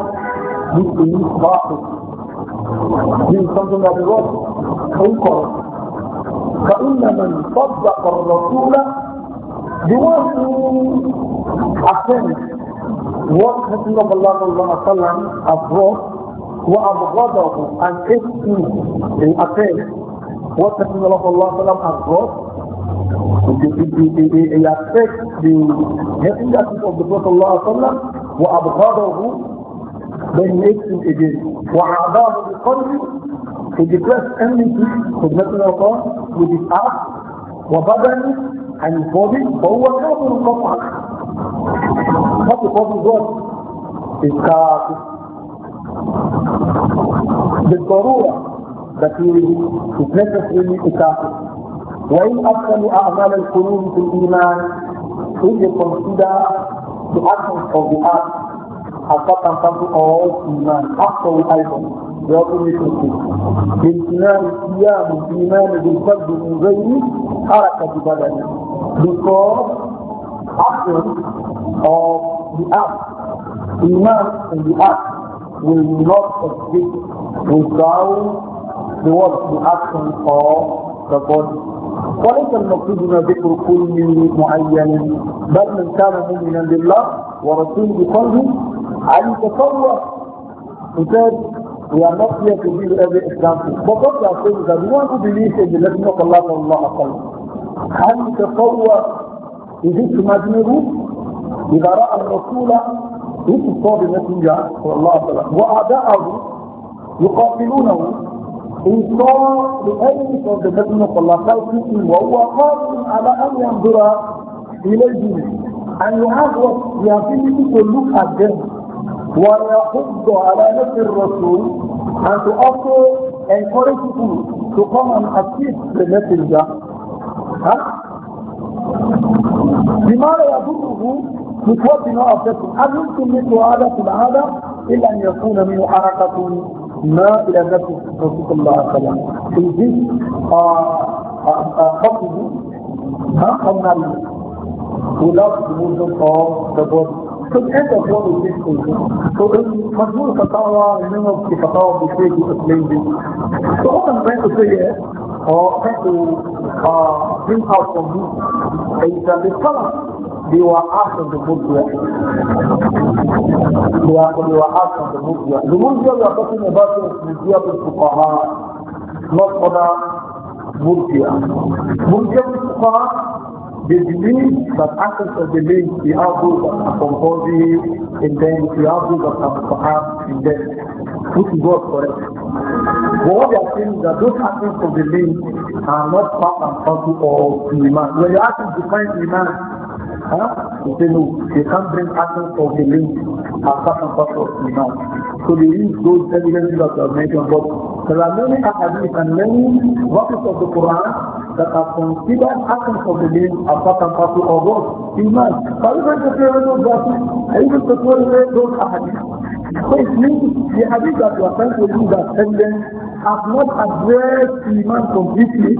Speaker 1: This is باطل This is something that is wrong incorrect فإن من صدق الرسول the one who attends what Messenger of Allah صلى الله عليه وسلم has brought وأبغضه and hates him in attends what Messenger of Allah Salaam has brought, it, it, it, it, it affects the messengership of the Prophet Allah Salaam, وأبغضه then makes him again. وعاداه بقلبه he declares enmity to the Messenger of Allah with his heart, وبدنه and his body, فهو كافر قطعا. Not the problem God is kafir. بالضرورة that he is necessarily a kafir. وإن أحسن أعمال القلوب في الإيمان if they consider the actions of the act, as part and parcel of iman, after the item, they also make mistakes. بامتنان الصيام الإيمان بالفرد من غير حركة بدن because action of the act, iman in the act will not exist without بوضع word, the action or فليس المقصود هنا ذكر كل معين بل من كان مؤمنا بالله ورسوله فرض على تصور كتاب ونصية كبير ابي الاسلام فقط يقول ذا بما هو بليس ان الذي نقى الله فهو الله اقل هل تصور يجيك مدمره اذا راى الرسول يجيك صلى الله عليه وسلم واعداءه يقاتلونه He saw the enemies of the Messenger of Allah seeking وهو قادر على أن ينظر إليهم and you have what? The to look at them ويحض على نفس الرسول and to also encourage you to come and assist the messenger. Huh? بما لا يضره بقوة ما أفسد أن يمكن مثل هذا في العادة إلا أن يكون منه حركة ما إلى ذات رسول الله صلى الله عليه وسلم في ذي ها قمنا the movement of So the end of what is this question. So in Majmur Fatawa, in of the Fatawa, we say to explain this. So what I'm trying to say is, or uh, trying to uh, bring out from this, is that the they were asked of the Mudra. They, are, they were asked of the Mudra. The Mudra we are talking about is Mudra bin Fuqaha, not other Mudra. Mudra bin Fuqaha, they believe that actions of the limbs, the outdoors that are composing in them, the outdoors that are perhaps in them, which is for it. But what they are saying is that those actions of the limbs are not part and parcel of the man. When you ask to define man. Hein? He said, no, they can't bring atoms of the link as part and parcel of Iman. So they use those evidences that I mentioned, but there are many ahadith and many verses of the Quran that are considered atoms of the link as part and parcel of what? Iman. But even the prayer those verses, and even the prayer those ahadith. So it means the hadith that you are trying to use as evidence have not addressed the Iman completely.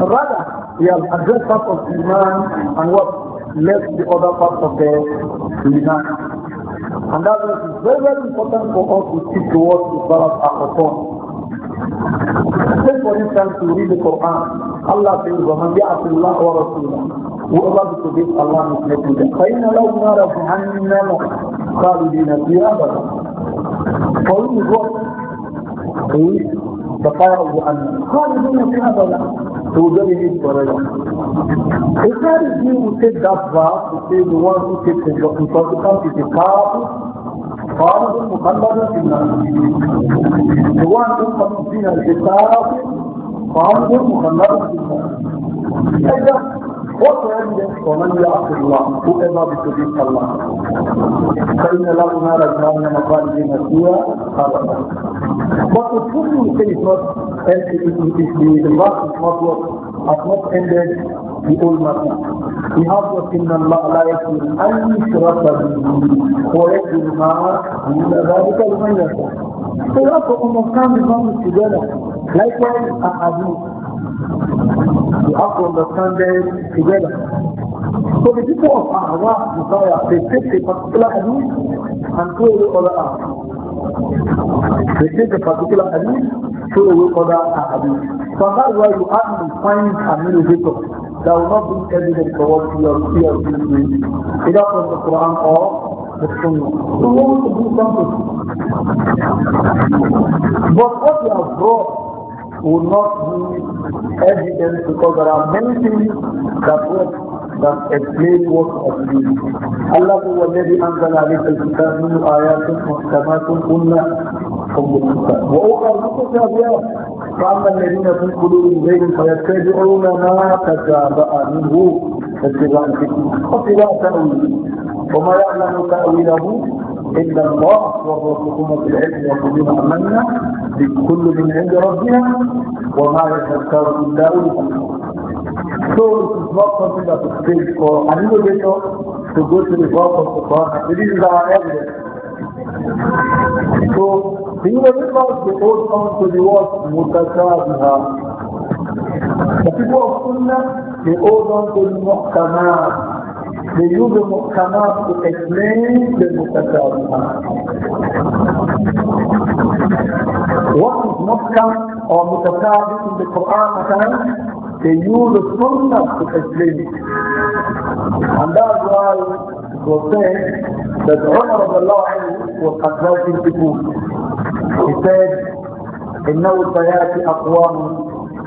Speaker 1: Rather, they have addressed part of the Iman and what? left the other parts of the iman. And that is very, very important for us to stick towards the Barat Akhaton. Take for instance to read the Quran. Allah says, وَمَنْ يَعْصِ اللَّهَ وَرَسُولَهُ Whoever disobeys Allah and His Messenger. فَإِنَّ لَهُ نَارَ جَهَنَّمَ خَالِدِينَ فِيهَا أَبَدًا For him is what? He is the fire of Jahannam. خَالِدِينَ So that it is Paraya. If that is you who take that verse, to say the one who takes it, because it comes is a Kafir, Muhammad Muhammadun Sinna. The one who comes to Sinna is a Kafir, Kafir Muhammadun Sinna. Like What evidence for man ya'ti Allah, whoever disobeys Allah? فإن له نار جهنم خالدين فيها أبدا. But the truth we say is not, and it is the verse is not what has not ended the old matter. We have what in Allah لا يكفر أن يشرك به ويكفر ما دون ذلك لمن يشاء. So you have to understand the verse together. Likewise, a hadith. We have to understand them together. So the people of Ahwa, desire they take a particular hadith and throw away other ahadith. They take a particular hadith, throw away other ahadith. So that's why you have to find an innovator that will not bring evidence for what you are here doing, either from the Quran or the Sunnah. So you want to do something. But what you have brought will not be evident because there are many things that work that explain what of the Allah هو الذي أنزل عليك الكتاب منه آيات محكمات كن حب الكتاب وأخرى متشابهات فأما الذين في قلوبهم زيغ فيتبعون ما تشابه منه اتباع الفتنة واتباع تأويله وما يعلم تأويله إلا الله وهو في العلم يقولون أمنا كل من عند ربنا وما يتذكر إلا أولئك So it is not something that is strange for an innovator to go to the God of the Quran. This is our evidence. So the innovator they all come to the word mutashabiha. The people of Sunnah they all come to the muhkamah. They use the muhkamat to explain the mutashabihat. What is muhkam or mutashabih in the Quran? They use the to explain it. And that's why it was said that Umar was advising people. He said, إنه سيأتي أقوام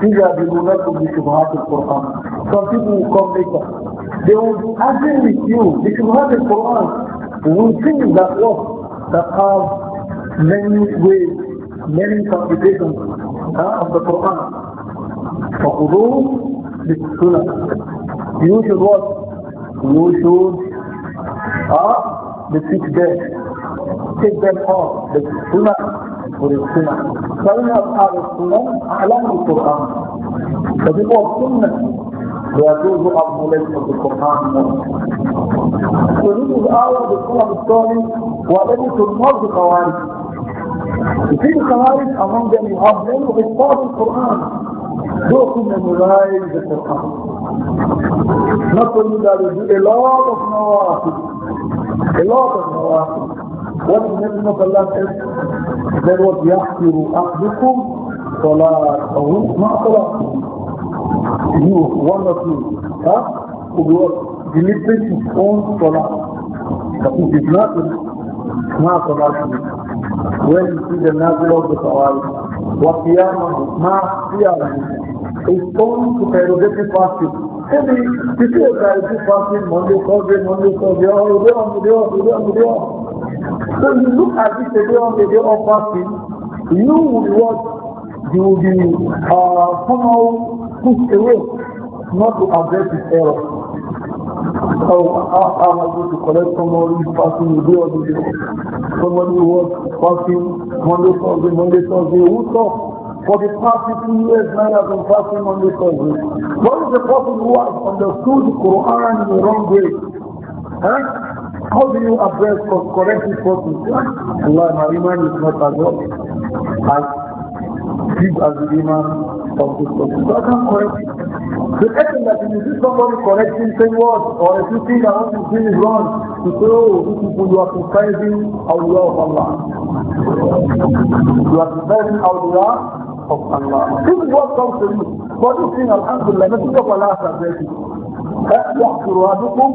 Speaker 1: إذا بلونكم بشبهات القرآن. Some people will come later. They will argue with you because have a Quran will think that what that have many ways, many complications uh, of the Quran. فخذوه بالسنة. You should what? You should uh, six them. Take them off the Sunnah ورسنا فإن أصحاب Quran, أعلم القرآن of السنة ويجوز أخذ ليس بالقرآن تريد الآية بالقلم الثاني والذي تنمر بخوارج في خوارج أمام جميع أهلين وإصطاد القرآن دوك من المرايل بالقرآن نقول ذلك إلاطة نوافذ إلاطة نوافذ والنبي صلى الله عليه وسلم يحفر أحدكم صلاته مع صلاته you, one of you, huh, could work delivering his own salah. But it is not about when ما صلاته وين في النازل بالصواب وقيامه ما قيامه استون كفاية فاسد Ebi títí ẹ̀ka ẹ̀jú fásitì Monday Thursday Monday Thursday ọ̀ èdè ọ̀n èdè ọ̀n èdè ọ̀n èdè ọ̀n. So you look at this on, the day ọ̀n fásitì you will watch the the uh, somehow push away, not to address his error. So how am I going to collect somebody who is fasting the day or the day? Somebody who was fasting Monday, Thursday, Monday, Thursday, who stopped? For the past 15 years now I've been fasting Monday, Thursday. What is the person who has understood the Quran in the wrong way? Huh? How do you address for correcting this person? Allah, my iman is not as well as as the iman of this person. So I can't correct it. The second that you see somebody correcting saying what, or if you think that what he's see is wrong, to say, oh, these people, you are our Allah of Allah. You are our Allah of Allah. This is what comes to you. But you think, Alhamdulillah, the people of Allah Taala are blessing. يحفر أحدكم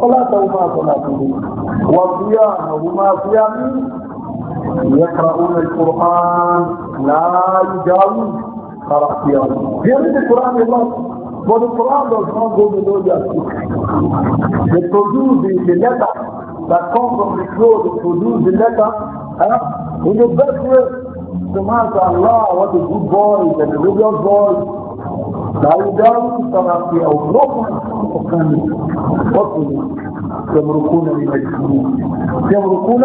Speaker 1: صلاتهما صلاته وصيامهما صيامه يقرؤون القرآن لا يجاوز Kharafiyah. Here is the Quran a lot, but the Quran does not go below their feet. They produce the, the letter that comes from the flow, they produce the letter uh, in the best way to master Allah, what a good boy, and a religious boy. دعوهم تراقي او ركن وكان بطل يمرقون من الدين يمرقون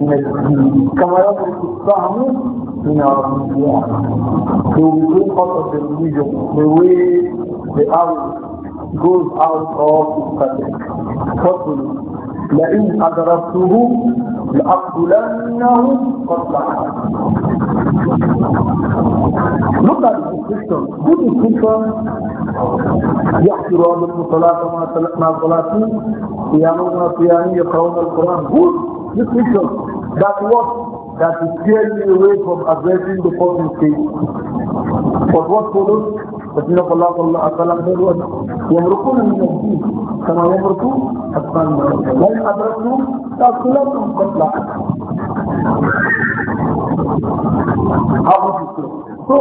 Speaker 1: من الدين كما يمرق السهم in our Islam. They out of the religion the way the arrow goes out of Islam. Hopefully, لئن أدركته لأقتلنه قتل Look at the description. Good description. يحفر عليكم صلاة ما صلاتي صيامون صيامي يقرؤون القرآن. Good description. That what that will steer you away from addressing the person's case. But what follows? فإن الله صلى الله عليه وسلم قال يمرقون من الدين كما يمرق أسنان من أدركوا تأكلتهم قبل How would you feel? So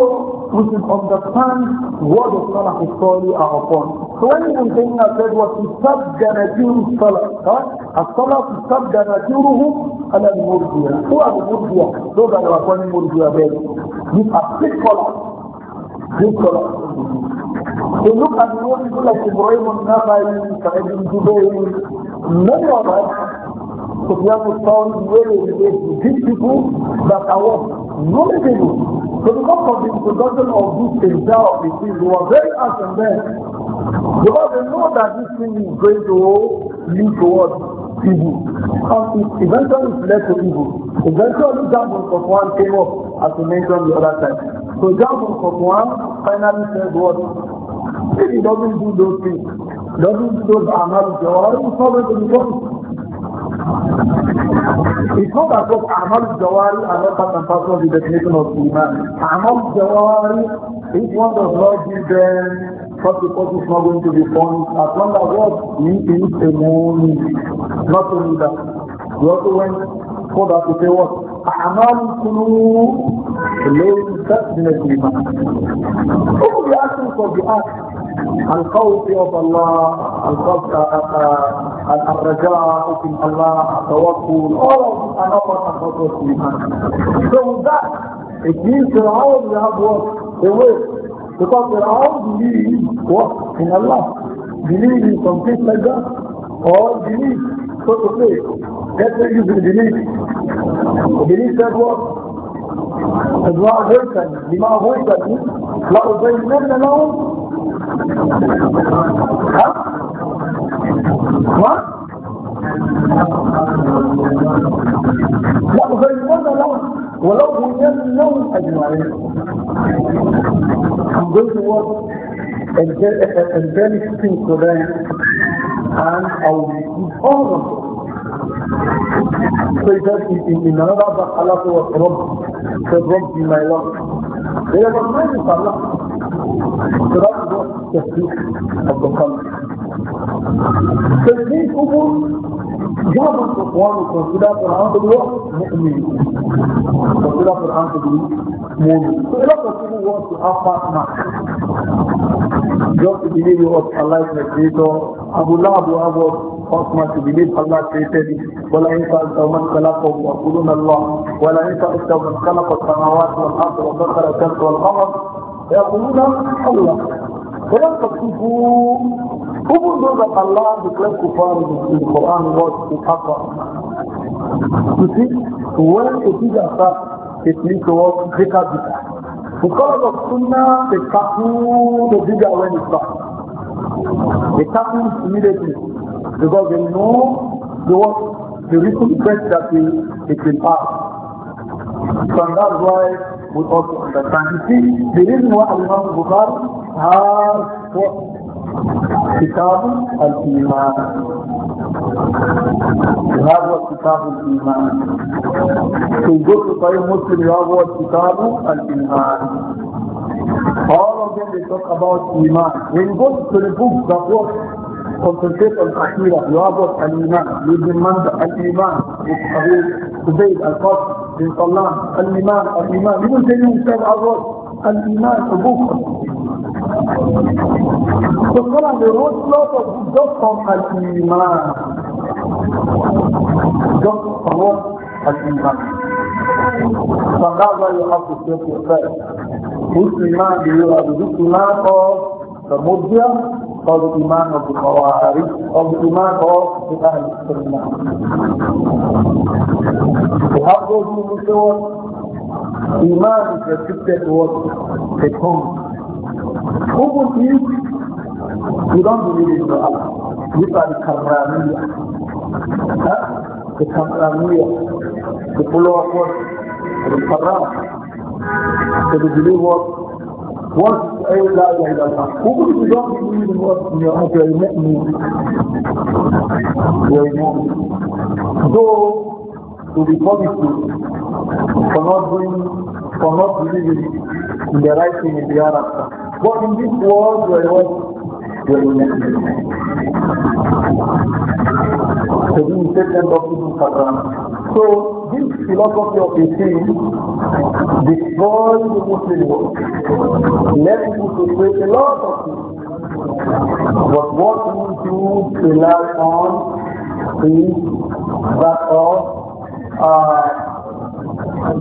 Speaker 1: we should understand what the Salaf story are upon. So when Ibn Taymiyyah said what is subjanatiru Salaf, huh? الصلاة subjanatiruhum ala al-murjiya. Who are the murjiya? Those are the calling murjiya there. These are six scholars. Six scholars. So look at the ones like Ibrahim al-Nafai, Sa'id al-Jubayr, many of us, Sufyan al-Sawri, where they relate to these people that are what? Knowledgeable. So because of the introduction of this Asia of the sea, we were very and then. Because they know that this thing is going to lead towards evil. And it eventually led to evil. Eventually Jambon Sofwan came up as we mentioned the other time. So Jambon Sofwan finally said what? If he doesn't do those things, doesn't do those amal jawar, it's not going to be It's not as if Amal Jawari are not part and parcel of the definition of Iman. Amal Jawari, if one does not give them such a person is not going to be born as long as what he is a moon. Not only that. We also went for that to say what? Amal, أعمال The ليست من الإيمان. Who will be asking for the act? الخوف يرضى الله الخوف الرجاء في الله التوكل all of and all of what was in So with that, it means that all we have was the way. Because they all believe what? In Allah. Believe in something like that. All believe, so to say. That's where you believe. Believe that what? أدواء هيكل لما هيكل لا أبينن لهم What? What? لأغيرن لهم ولو بنينهم أجمعين. I'm going to work angelic things for them and I will give all of them. So he said in another verse, Allah was Rabb, said Rabb be my Lord. إلى برنامج يطلع دراسة تفكيك الدخان تفكيك أمور جاب القرآن وتوصيل القرآن بالوقت مؤمن توصيل القرآن بالوقت مؤمن إلى توصيل الوقت آخر معك جاب إليه وقت الله يتنجيته ابو لاب وأبو ابو فاطمه بن ابي طلحه ولا انت من خلق وقولون الله ولا انت من خلق السماوات والارض وسخر الشمس والقمر يقولون الله فلم تكتفوا كفر دوزة الله بكلام كفار من القرآن الواجب الحق تسيب ولا تسيب أساس تسليك واجب ذكر السنة تتقفوا تسيب أولين الصحيح It happens immediately because they know the what the recent threat that we it will pass. So and that's why we also understand. You see, the reason why Imam Bukhari has what Kitab al Iman. You have what Kitab al Iman. So go to Sahih Muslim, you have what Kitab al Iman. of they talk about Iman. When you go to the book that work, concentrate on Akhira, you have what Al-Iman, Ibn Manda, Al-Iman, Ibn Habib, Subayd, Al-Qasr, Bin Salam, Al-Iman, Al-Iman. You will you yourself as what? Al-Iman, a book.
Speaker 2: So
Speaker 1: Quran, they wrote lot of books just from Al-Iman. Just from what? Al-Iman. So that's why you have to take your prayer. حسن بها بذكرنا فمضيا of the Imam of the Khawari, of the Imam of the Ahl Sunnah. So how goes the Muslim? Imam is restricted to what? At home. Who would you? You don't believe in Allah. These are the Kamramiya. Huh? The Kamramiya. The follower of what? The Kamramiya. So the belief was, what is eh, la ilaha illallah? Who could you don't believe in what you are okay, met me? You are not. Though to be punished for not doing, for not believing in the right thing in the hereafter. But in this world, you are what? So this philosophy of Islam destroys the Muslim world, led people to create a lot of things. But what we do rely on is that of uh,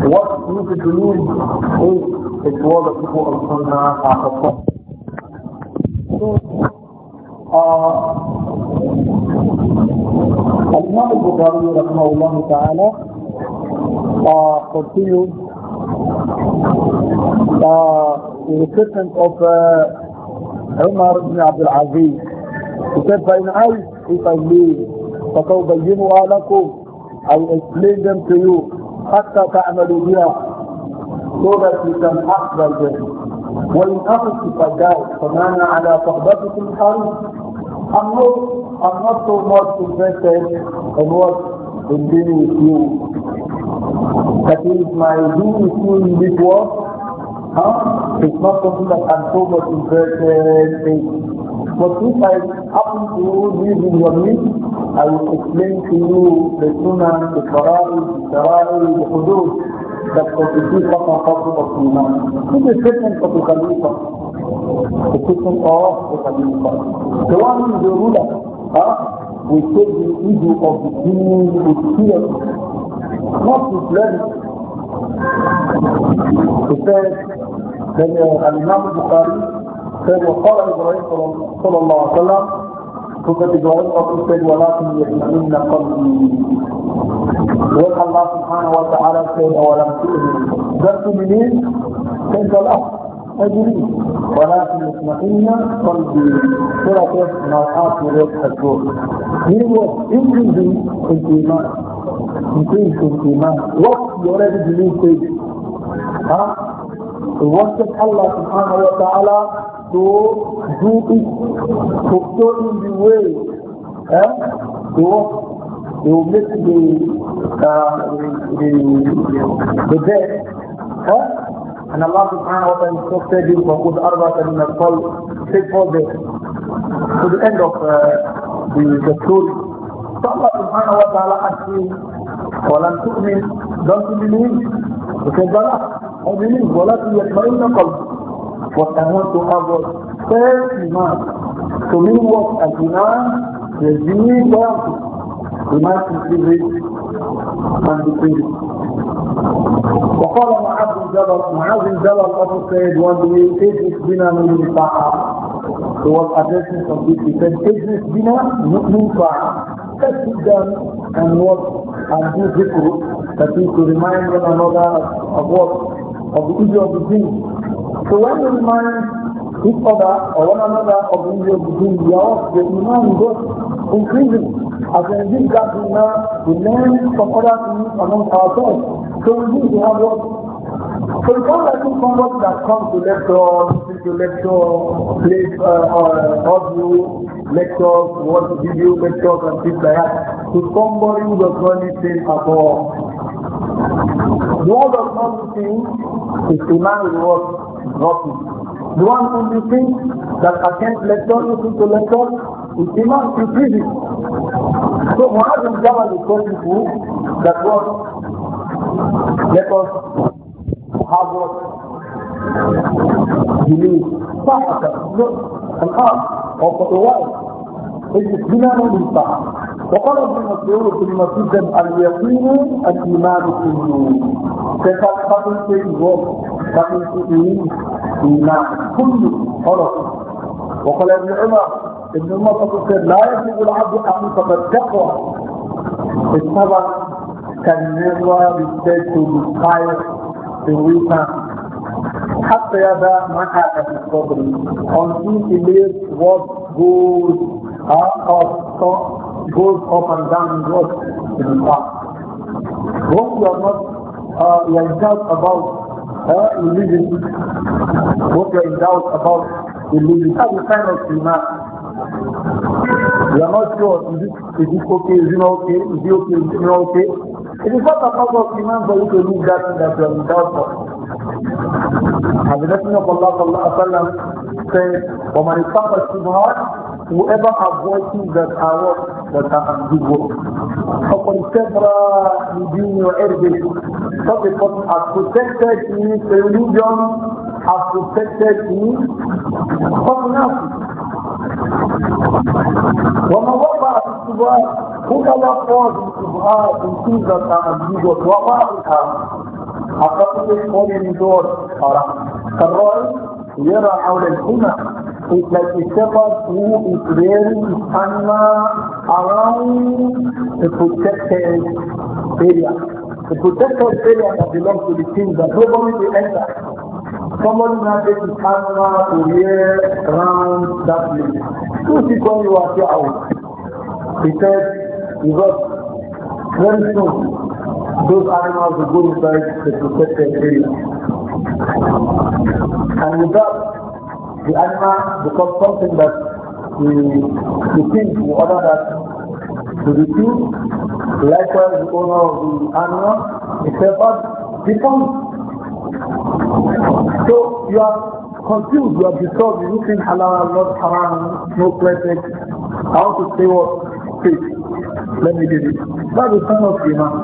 Speaker 1: what we believe is it world the people of Sunnah are الإمام البخاري رحمه الله تعالى rahimahullah ta'ala uh, continued the statement of uh, Umar ibn Abdul Aziz. He said, فَإِنْ عَيْسْ if I leave فَتَوْبَيِّنُهَا لَكُمْ I will explain them to you حَتَّى تَعْمَلُوا بِهَا so that you can act like them. وإن أخذ فجاء فمانا على صحبتكم حريص I'm not, I'm not so much interested in what in being with you. That is my being with you in this world, huh? It's not something that I'm so much interested in. But if I happen to live in your midst, I will explain to you the sunnah, the fara'id, the sara'id, the hudud that constitute what are part of iman. This is the statement of the Khalifa. The statement of the Khalifa. The one who is the ruler, huh? we take the evil of the deen with fear, not with blame? He said, then uh, Al-Imam Bukhari وقال إبراهيم صلى الله عليه وسلم سورة إبراهيم قد said ولكن يطمئن قلبي وقال الله سبحانه وتعالى said أولم تؤمن ذات منين تلك الأرض أجري ولكن يطمئن قلبي سورة نوعات طيب، مريض الدور He was increasing in Iman increasing in Iman what you already believe is huh? He wanted Allah subhanahu wa ta'ala to do it, to show him the way, eh? to walk, to make the, uh, the, the bed. Eh? And Allah subhanahu wa ta'ala instructed him from Ud Arbat and Nasal, take all this to the end of uh, the, the story. So Allah subhanahu wa ta'ala asked him, ولن تؤمن don't you believe? He I believe ولكن يطمئن قلبي What I want to have what? First Iman. To me what I as Iman? The Iman. Iman is the and to priest. وقال معاذ بن جبل معاذ بن جبل أبو سيد one day اجلس بنا من ساعة He was addressing some people. He said, اجلس بنا من ساعة Let's sit down and what and do zikr that is to remind one another of what of the issue of the deen So when we remind each other or one another of the evil between yourself, the iman goes increasing. As in this God we learn, we learn from other things among ourselves. So we need to have what? So it's not like somebody that comes to lecture, to lecture, play uh, uh, audio, lectures, watch video lectures and things like that to somebody who does not listen at all. The does not listen is to man with what? Rotten. The one who you think that attends lecture, listen to lecture, is Imam in prison. So Muaz bin Jabal is telling you that what? Let us have what? Believe. Sahaka. No. Al-Qaq. Or for a while. It is Bilal bin Sahaka. وقال ابن مسعود في المسجد اليقين الايمان في النور. فقد قبل في الوقت فمن تؤمنين إلا كل خلق وقال ابن عمر ابن عمر فقال لا يجب العبد أن يصف التقوى السبب كان نروى بالسيط بالخير حتى يدا ما كان في الصدر on each layer what goes up or top goes up and down what in the past what you are not uh, you are in doubt about or religion, what you are in doubt about religion. That's the kind of iman. You are not sure, is it, is it okay, is it not okay, is it okay, is it not okay. It is not a matter of iman for you to leave that that you are in doubt of. And the Messenger of Allah sallallahu alaihi wasallam said, وَمَنِ اتَّقَى الشُّبْهَاتِ Whoever avoids things that are what وتعذبه فقد كبر بدين وعرضه فقد has protected his religion has protected his personality وما وقع في السبحان هو وقع في السبحان in things that are ambiguous وقع بها أقل قول من دور حرام كالرأي يرى حول الحمى It's like a shepherd who is wearing his animal around the protected area. The protected area that belongs to the king that nobody will enter. Somebody now takes his animal to wear around that place. Who is when you are out? He said, because very soon those animals will go inside the protected area. And with that, the animal becomes something that we we think, will order that to be killed. Likewise, the owner of the animal is helped people. So you are confused, you are disturbed, you think halal, not haram, no perfect. How to say what? Faith. Let me do this. That is kind of iman.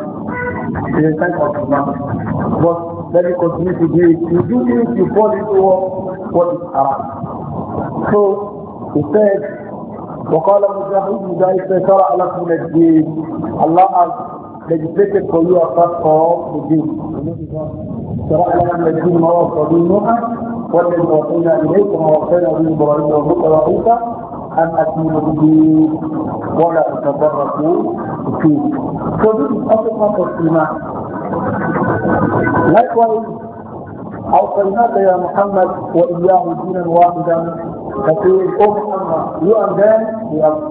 Speaker 1: It is kind of iman. But Let me continue to do it. You do this, you fall into what is haram. So he said, وقال مجاهد مجاهد شرع لكم الدين الله has legislated for you a part of the deen شرع لكم الدين ما وصى به نوحا والذي وصينا اليه كما وصينا به ابراهيم وموسى وعيسى أن أتمنوا به ولا تتبركوا فيه. So this is also part of Iman. Likewise, أوصيناك يا محمد وإياه دينا واحدا فقيل ام محمد you and them we have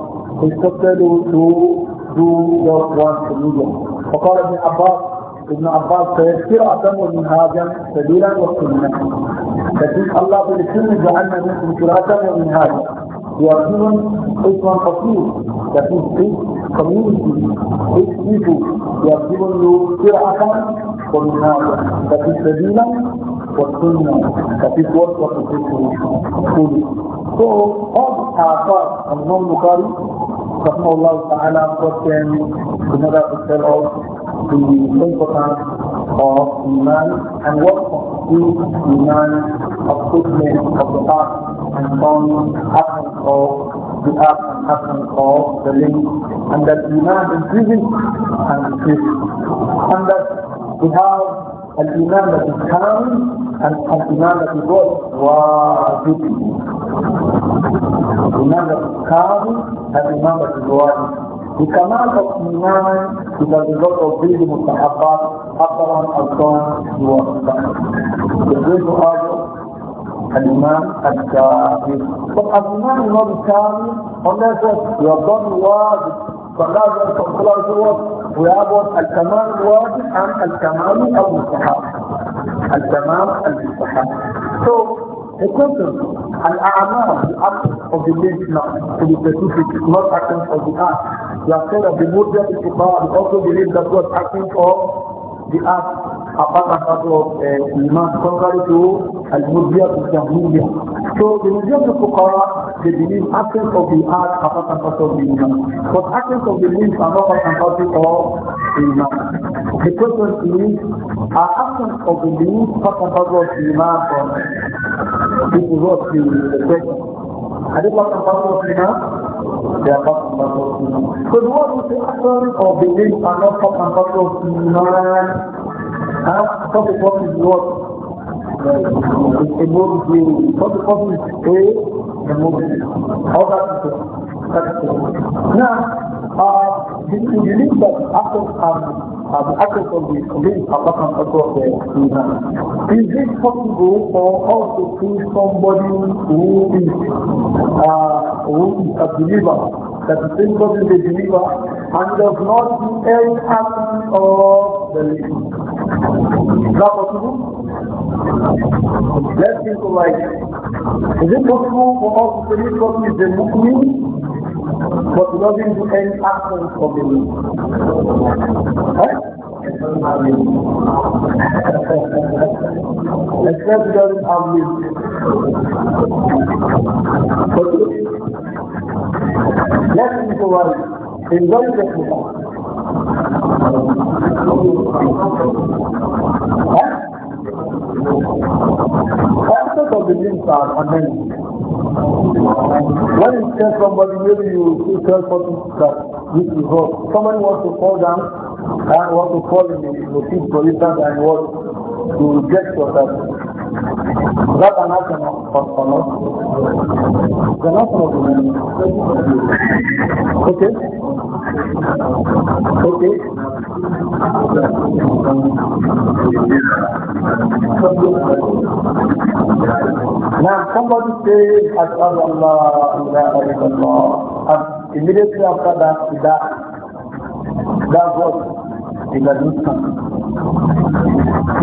Speaker 1: instructed you to do your one religion فقال ابن عباس ابن عباس فيسير أتم هذا سبيلا وسنة لكن الله في السنة جعلنا منكم سرعة هذا وكل اسما فصيل لكن community, these people, they have given you Qira'atan for Nihada. That is Sabila for Sunnah. That is what was the fully. So all the Ta'afat and non-Bukhari, Rahmahullah Ta'ala brought them in order to tell us the importance of Iman and what is constitutes Iman of statement of the past and some actions of the app and happen call, the link, and that Iman increases and increased, And that we have an Iman that is calm and an Iman that is what? Wajib. Iman that is calm and Iman that is wajib. The command of Iman is a result of reading Mustahabbat, Abdaran, Al-Qur'an, Dua, The great الإمام الكافي فقد إمام الإمام الكافي قلنا يظن واجب فقال صلى الله عليه وسلم ويابر التمام الواجب عن التمام المستحب التمام المستحب so Equation, an amal, the act of the late now, to be specific, not acting of the act. You have said that the movement is the power, we also believe that what acting for the act. أطلقته الإمام فكرته المرجية الجهمية So the majority of the Fuqara, they believe absence of the heart apart part and parcel of the Iman. But absence of the limbs are not part and parcel of the Iman. The question is, are actions of the limbs part and parcel of the Iman or people wrote the, the question? Are they part and parcel of the Iman? They are part and parcel of the Iman. So the word is the absence of the limbs are not part and parcel of the Iman have copy copy is what? A movie. Copy copy is A, eh, a movie. All that is eh, Now, uh, you believe that after um, uh, the access of the community apartment the river. Is this possible for also to somebody who is uh, who is a believer, that the same person is a believer and does not do any action of the living? Is that possible? Let's think like, is it possible for us to believe God is a Muslim but he doesn't any action for the will. Huh? Except not have will. Okay. Let's be the one. In Huh? Aspects of the dreams are amended. When you tell somebody, maybe you tell something that this is wrong. Somebody wants to fall down and uh, want to fall in the machine, for instance, and want to get yourself. That an action of honor. The national, of the Okay? Ok. Now somebody says, Ashadu Allah, ilaha illallah, and immediately after that, that That was in the Nusra.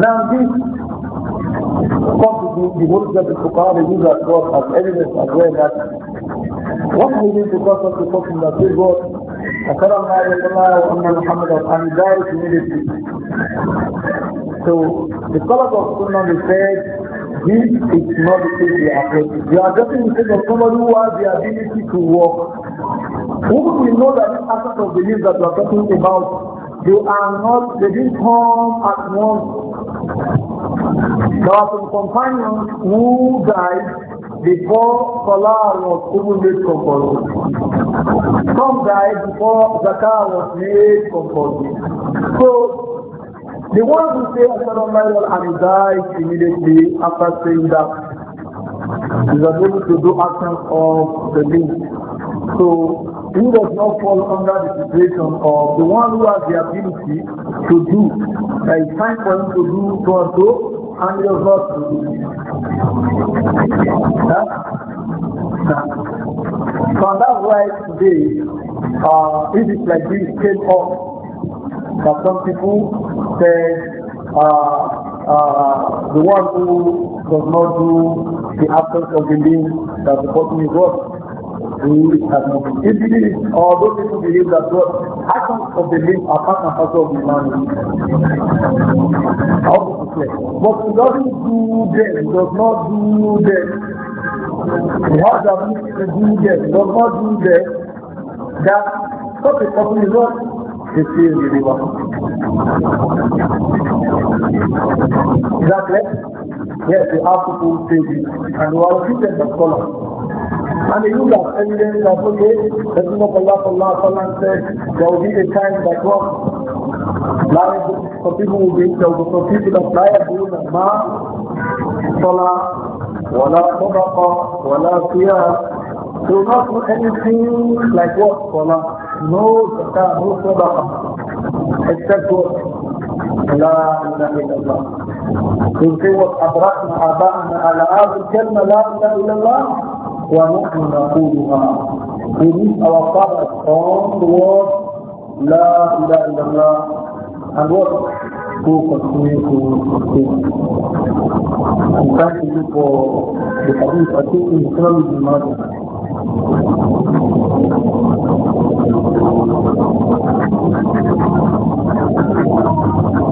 Speaker 1: Now this comes to the Murza the Bukhari, use as well as evidence as well that what we need to concentrate that the people وصلى الله عليه وسلم وأن محمد عن ذلك من So the scholars of Sunnah they said this is not the case we are praying. We are just in the case of somebody who has the ability to walk. Who will know that this aspect of belief that we are talking about, they are not, they didn't come at once. There are some companions who died before Salah was even made compulsory. Some died before Zakah was made compulsory. So, the ones who say Asalamu and died immediately after saying that is able to do actions of the deen. So, he does not fall under the situation of the one who has the ability to do. There is time for him to do so and so, anglo vote. Huh? So that's why today, uh, if it's uh, like this came up, that some people said, uh, uh, the one who does not do the absence of the link that the person is what? believe that Iblis, or those people believe that what actions of the lips are part and parcel of humanity. How to say? But he doesn't do them, he does not do them. He has the ability to do them, he does not do them. That such a person is not the same believer. Is that clear? Yes, you have to say this, and we are treated the scholars. And they look uh, at evidence that, okay, the King of Allah Allah, Alaihi Wasallam said, there will be a time that what? Life for people will be, there will be for people that lie doing a ma, salah, wala sadaqa, wala qiyas. They will not do anything like what? Salah. No zakah, no sadaqa. Except what? لا اله الا الله يمكن ابرأنا اباءنا على هذه الكلمه لا اله الا الله ونحن نقولها We need our fathers on the world, La ilaha illallah, and what? Who continue to sustain. And thank you for the hadith, I think in Islam is another. Thank you.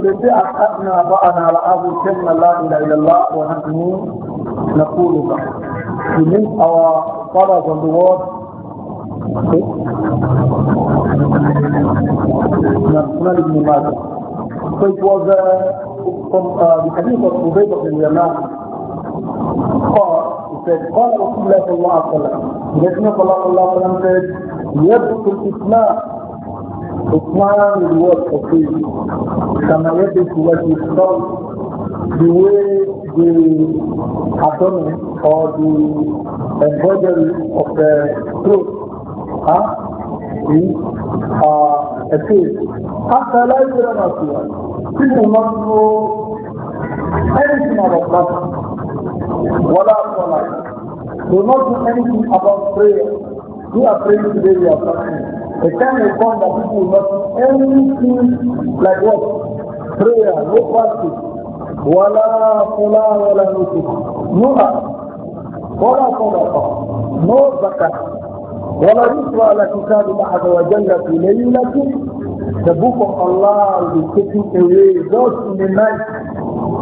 Speaker 1: كل أخذنا أباءنا على أبو كلمة لا إله إلا الله ونحن نقول ذلك You mean our fathers on the world National Ibn Majah. So it was uh, from uh, the hadith of Ubayd ibn Yaman. Or he said, قال رسول الله صلى الله عليه وسلم. The Messenger of Allah صلى الله عليه وسلم said, يبقى الإسلام The Islam is what fulfills. Samayat is what is called the way the abdomen or the embroidery of the throat huh? is uh, achieved. After life, you people not know anything about that. What are for life? They not do anything about prayer. We are praying today, we are practicing. The time will come that people will not
Speaker 2: anything
Speaker 1: like what? Prayer, no fasting. Wala fula wala nusuk. No act. Wala sadaqa. No zakat. wala يتلى ala كتاب الله عز وجل في ليلة The book of Allah will be taken away those in the night.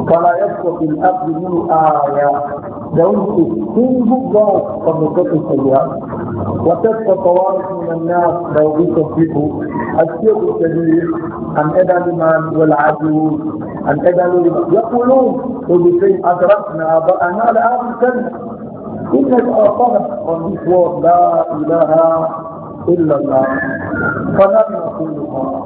Speaker 1: فلا يبقى في الأرض منه آيات لو تسكنه ضاعت قبلتك السيئات وتبقى طوارق من الناس لو بتصدقوا الشيخ الكبير أن ابن من والعجوز عن ابن يقولون وبشيء ادركنا اباءنا لآخر كلمه ان الآخر on this word لا اله الا الله فلن نقولها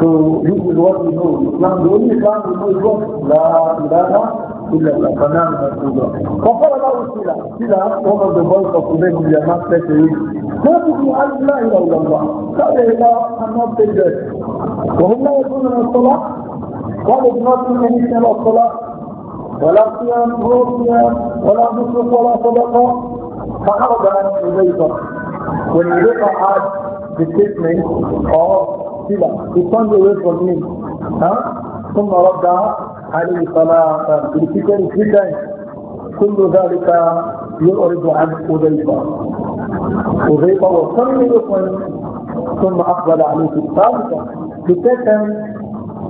Speaker 1: So this is what we know. Islam, the only Islam we know is what? La ilaha إلا الله فنعم رسول فقال له سلا سلا وما دبرت قبل يا ما تكفي ما تقول أن لا إله إلا الله قال إلا أنا بجد وهم لا يكونون الصلاة قال ابن مسلم من الصلاة ولا صيام ولا صيام ولا نصف ولا صدقة فخرج عن حذيفة والحذيفة عاد بالستمنت أو سلا he turned away from me ها ثم رد علي صلاة بالفتن فتن كل ذلك يعرض عن حذيفة حذيفة وصل لقمة ثم أقبل عليه في الثالثة فتن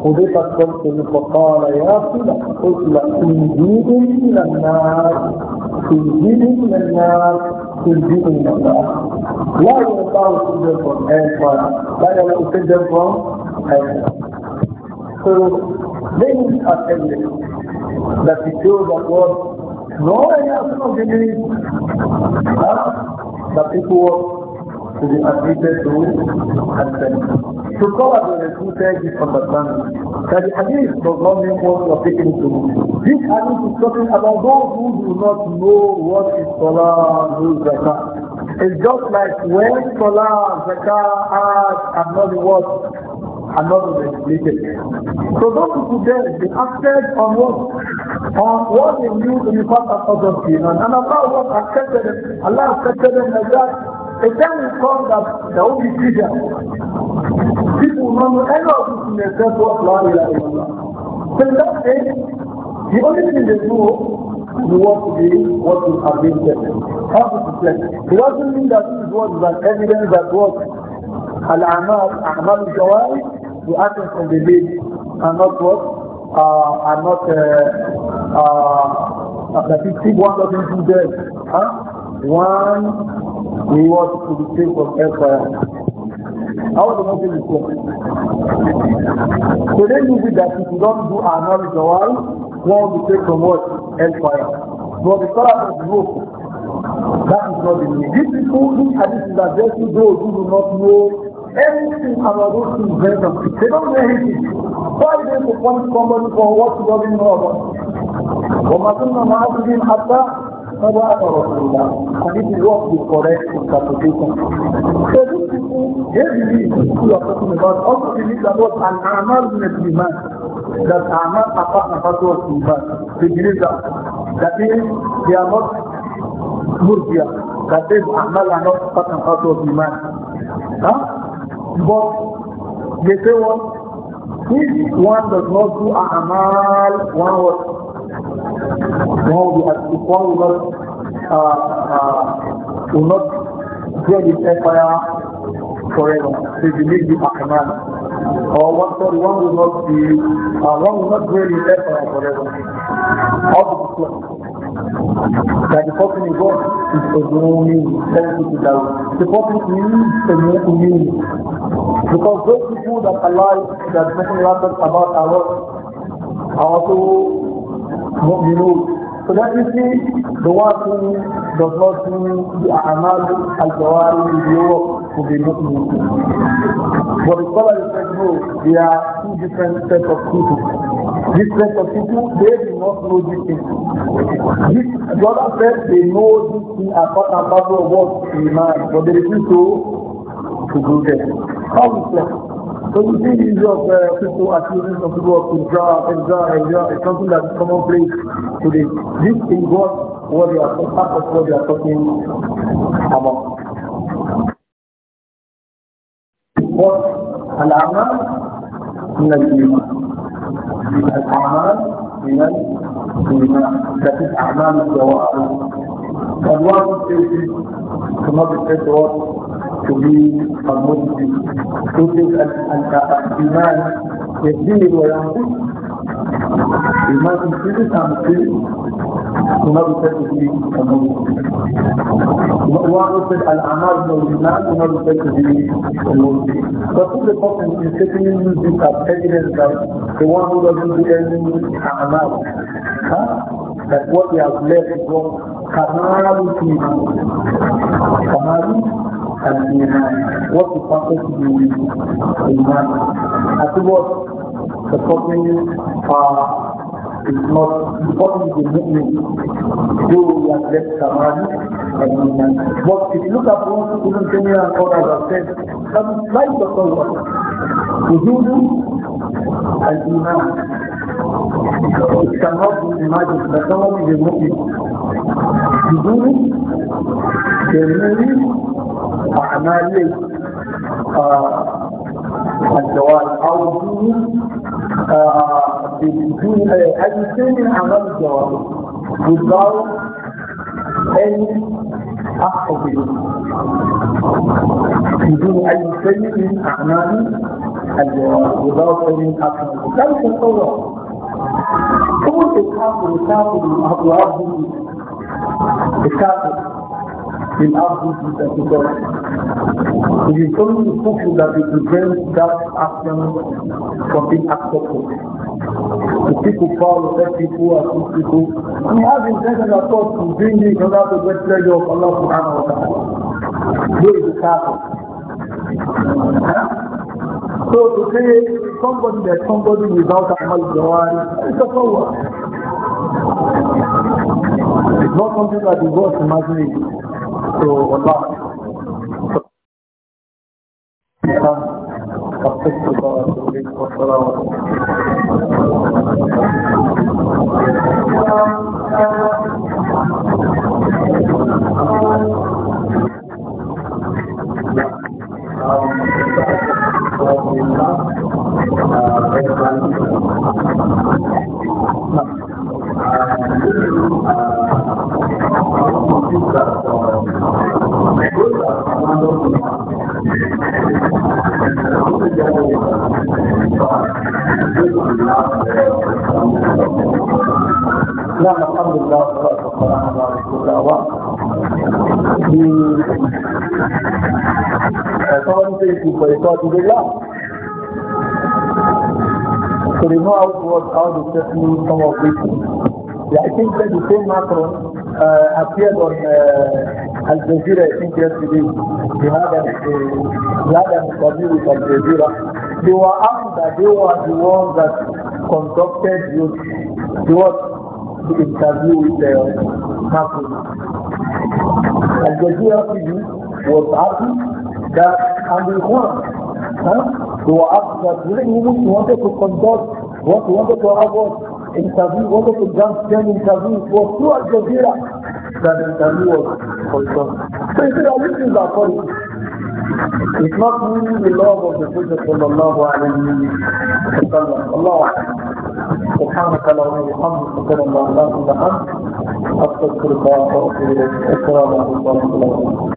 Speaker 1: حذيفة الصمت فقال يا صلة اطلق في جيد من الناس في جيد من الناس في جيد من الناس لا يقال سجن from hellfire لا يقال سجن from hellfire So many attended that it shows that was no reaction of the news. Ah, the people were to be admitted to attend. So scholars were refuted this understanding that the hadith does not mean what was taking to This hadith is talking about those who do not know what is Salah and Zakah. It's just like when Salah, Zakah, Hajj, and not the what are not legislated. So those people there, they acted on what? On what they knew in the past of Augustine. And Allah was accepted them. Allah accepted them like that. A time will come that there will be freedom. People will not know any of this in themselves what Allah ilaha illallah. So in that day, the only thing they do you want to be what you have been said. How to reflect. It doesn't mean that this was an evidence that what al-amal, amal al-jawari, the actions of the day are not what? Uh, are not, uh, uh, that if one doesn't do them, huh? one reward to be sake from hellfire. How the Muslim is going? So they use it that if you don't do our knowledge or all, one will take from what? Hellfire. But the color of the rope, that is not the way. These people, these hadiths are just those who do not know Everything about those things very They don't know anything. Why do they want somebody for what doesn't know about? وما كنا معذبين حتى نبعث رسول الله. And it is what is correct interpretation. So these people, they believe who are talking about also believe that what an amal min al-iman. That amal apart and apart was iman. They believe that. That means they are not murjia. That is amal are not part and part of iman. Huh? But they say what? If one does not do amal, one what? One will be at one will not uh, uh, will not get his empire forever. They believe the amal or what? sorry, one will not be uh, one will not dwell in empire forever. All the that the person is God is a new Thank you to The person is a new Because those people that Allah, that Messenger Allah talks about are what? Are also mu'minun. So that you see, the one who does not do the amal al-jawari in the work to be mu'min. But the scholars said no, there are two different types of people. This set of people, they do not know this thing. This, brother said they know this thing and talk about the word in mind, but they refuse to, to do that. How is that? So you see these issue of uh, people accusing some people of Indra, Indra, Indra is something that is commonplace today. This is what, what they are, part of what they are talking about. What? Al-Amal, Al-Iman. من الأعمال من الإيمان لكن أعمال الجوارح فالواجب تجد ثم بالتجوار تبين المسلم تجد الإيمان يزيد وينقص Il m'a dit que c'est un peu, on a refait aussi un mot. On a refait al-amal mawlinat, on a refait aussi un mot. But the person is taking this as evidence that the one who doesn't do any amal, huh? that what we have left is what Kamaru Iman. Kamaru and Iman. What is perfect in Iman. As what the uh, is not only the movement do we have left Samadhi and Iman. But uh, if you look at what Ibn Taymiyyah and others have said, some slight of Allah, the Hindu and Iman. It cannot be imagined that someone is a movement. The Hindu, the Mary, الجواز او بدون اجسام عمل الجواز without any حق بدون اي شيء من اعمال الجواز without any حق ذلك القول هو الكافر الكافر الكافر الكافر in absolute sense. It is only the kufr that will prevent that action from being accepted. The people fall, the people are good people. We have intention of course to bring this in order to get pleasure of Allah subhanahu wa ta'ala. Here is the carpet. So to say somebody that somebody without Amal Jawari is a forward.
Speaker 2: It's
Speaker 1: not something that is worth imagine. softянðuratsi kingdomaf sri aj Essait turah tegolhid نعم الحمد لله والصلاة والسلام على رسول الله bí ẹ̀tọ́ ń pè sí ìpẹ̀lẹ̀tọ́ ti dé láà So they know how to work out the technique some of it. Yeah, I think that the same Macron uh, appeared on uh, Al Jazeera, I think yesterday. He had an, uh, had an interview with Al Jazeera. They were asked that they were the ones that conducted the the were interview with the person. And the DRPD was happy that Andrew Khan, huh, they were asked that really even wanted to conduct what he wanted to have was interview, wanted to grant them interview for through Al Jazeera that interview was conducted. So he said, all these things are false. It's not meaning the صلى الله عليه وسلم الله أعلم سبحانك اللهم وبحمدك اشهد ان لا اله الا استغفرك واتوب اليك السلام عليكم ورحمه الله وبركاته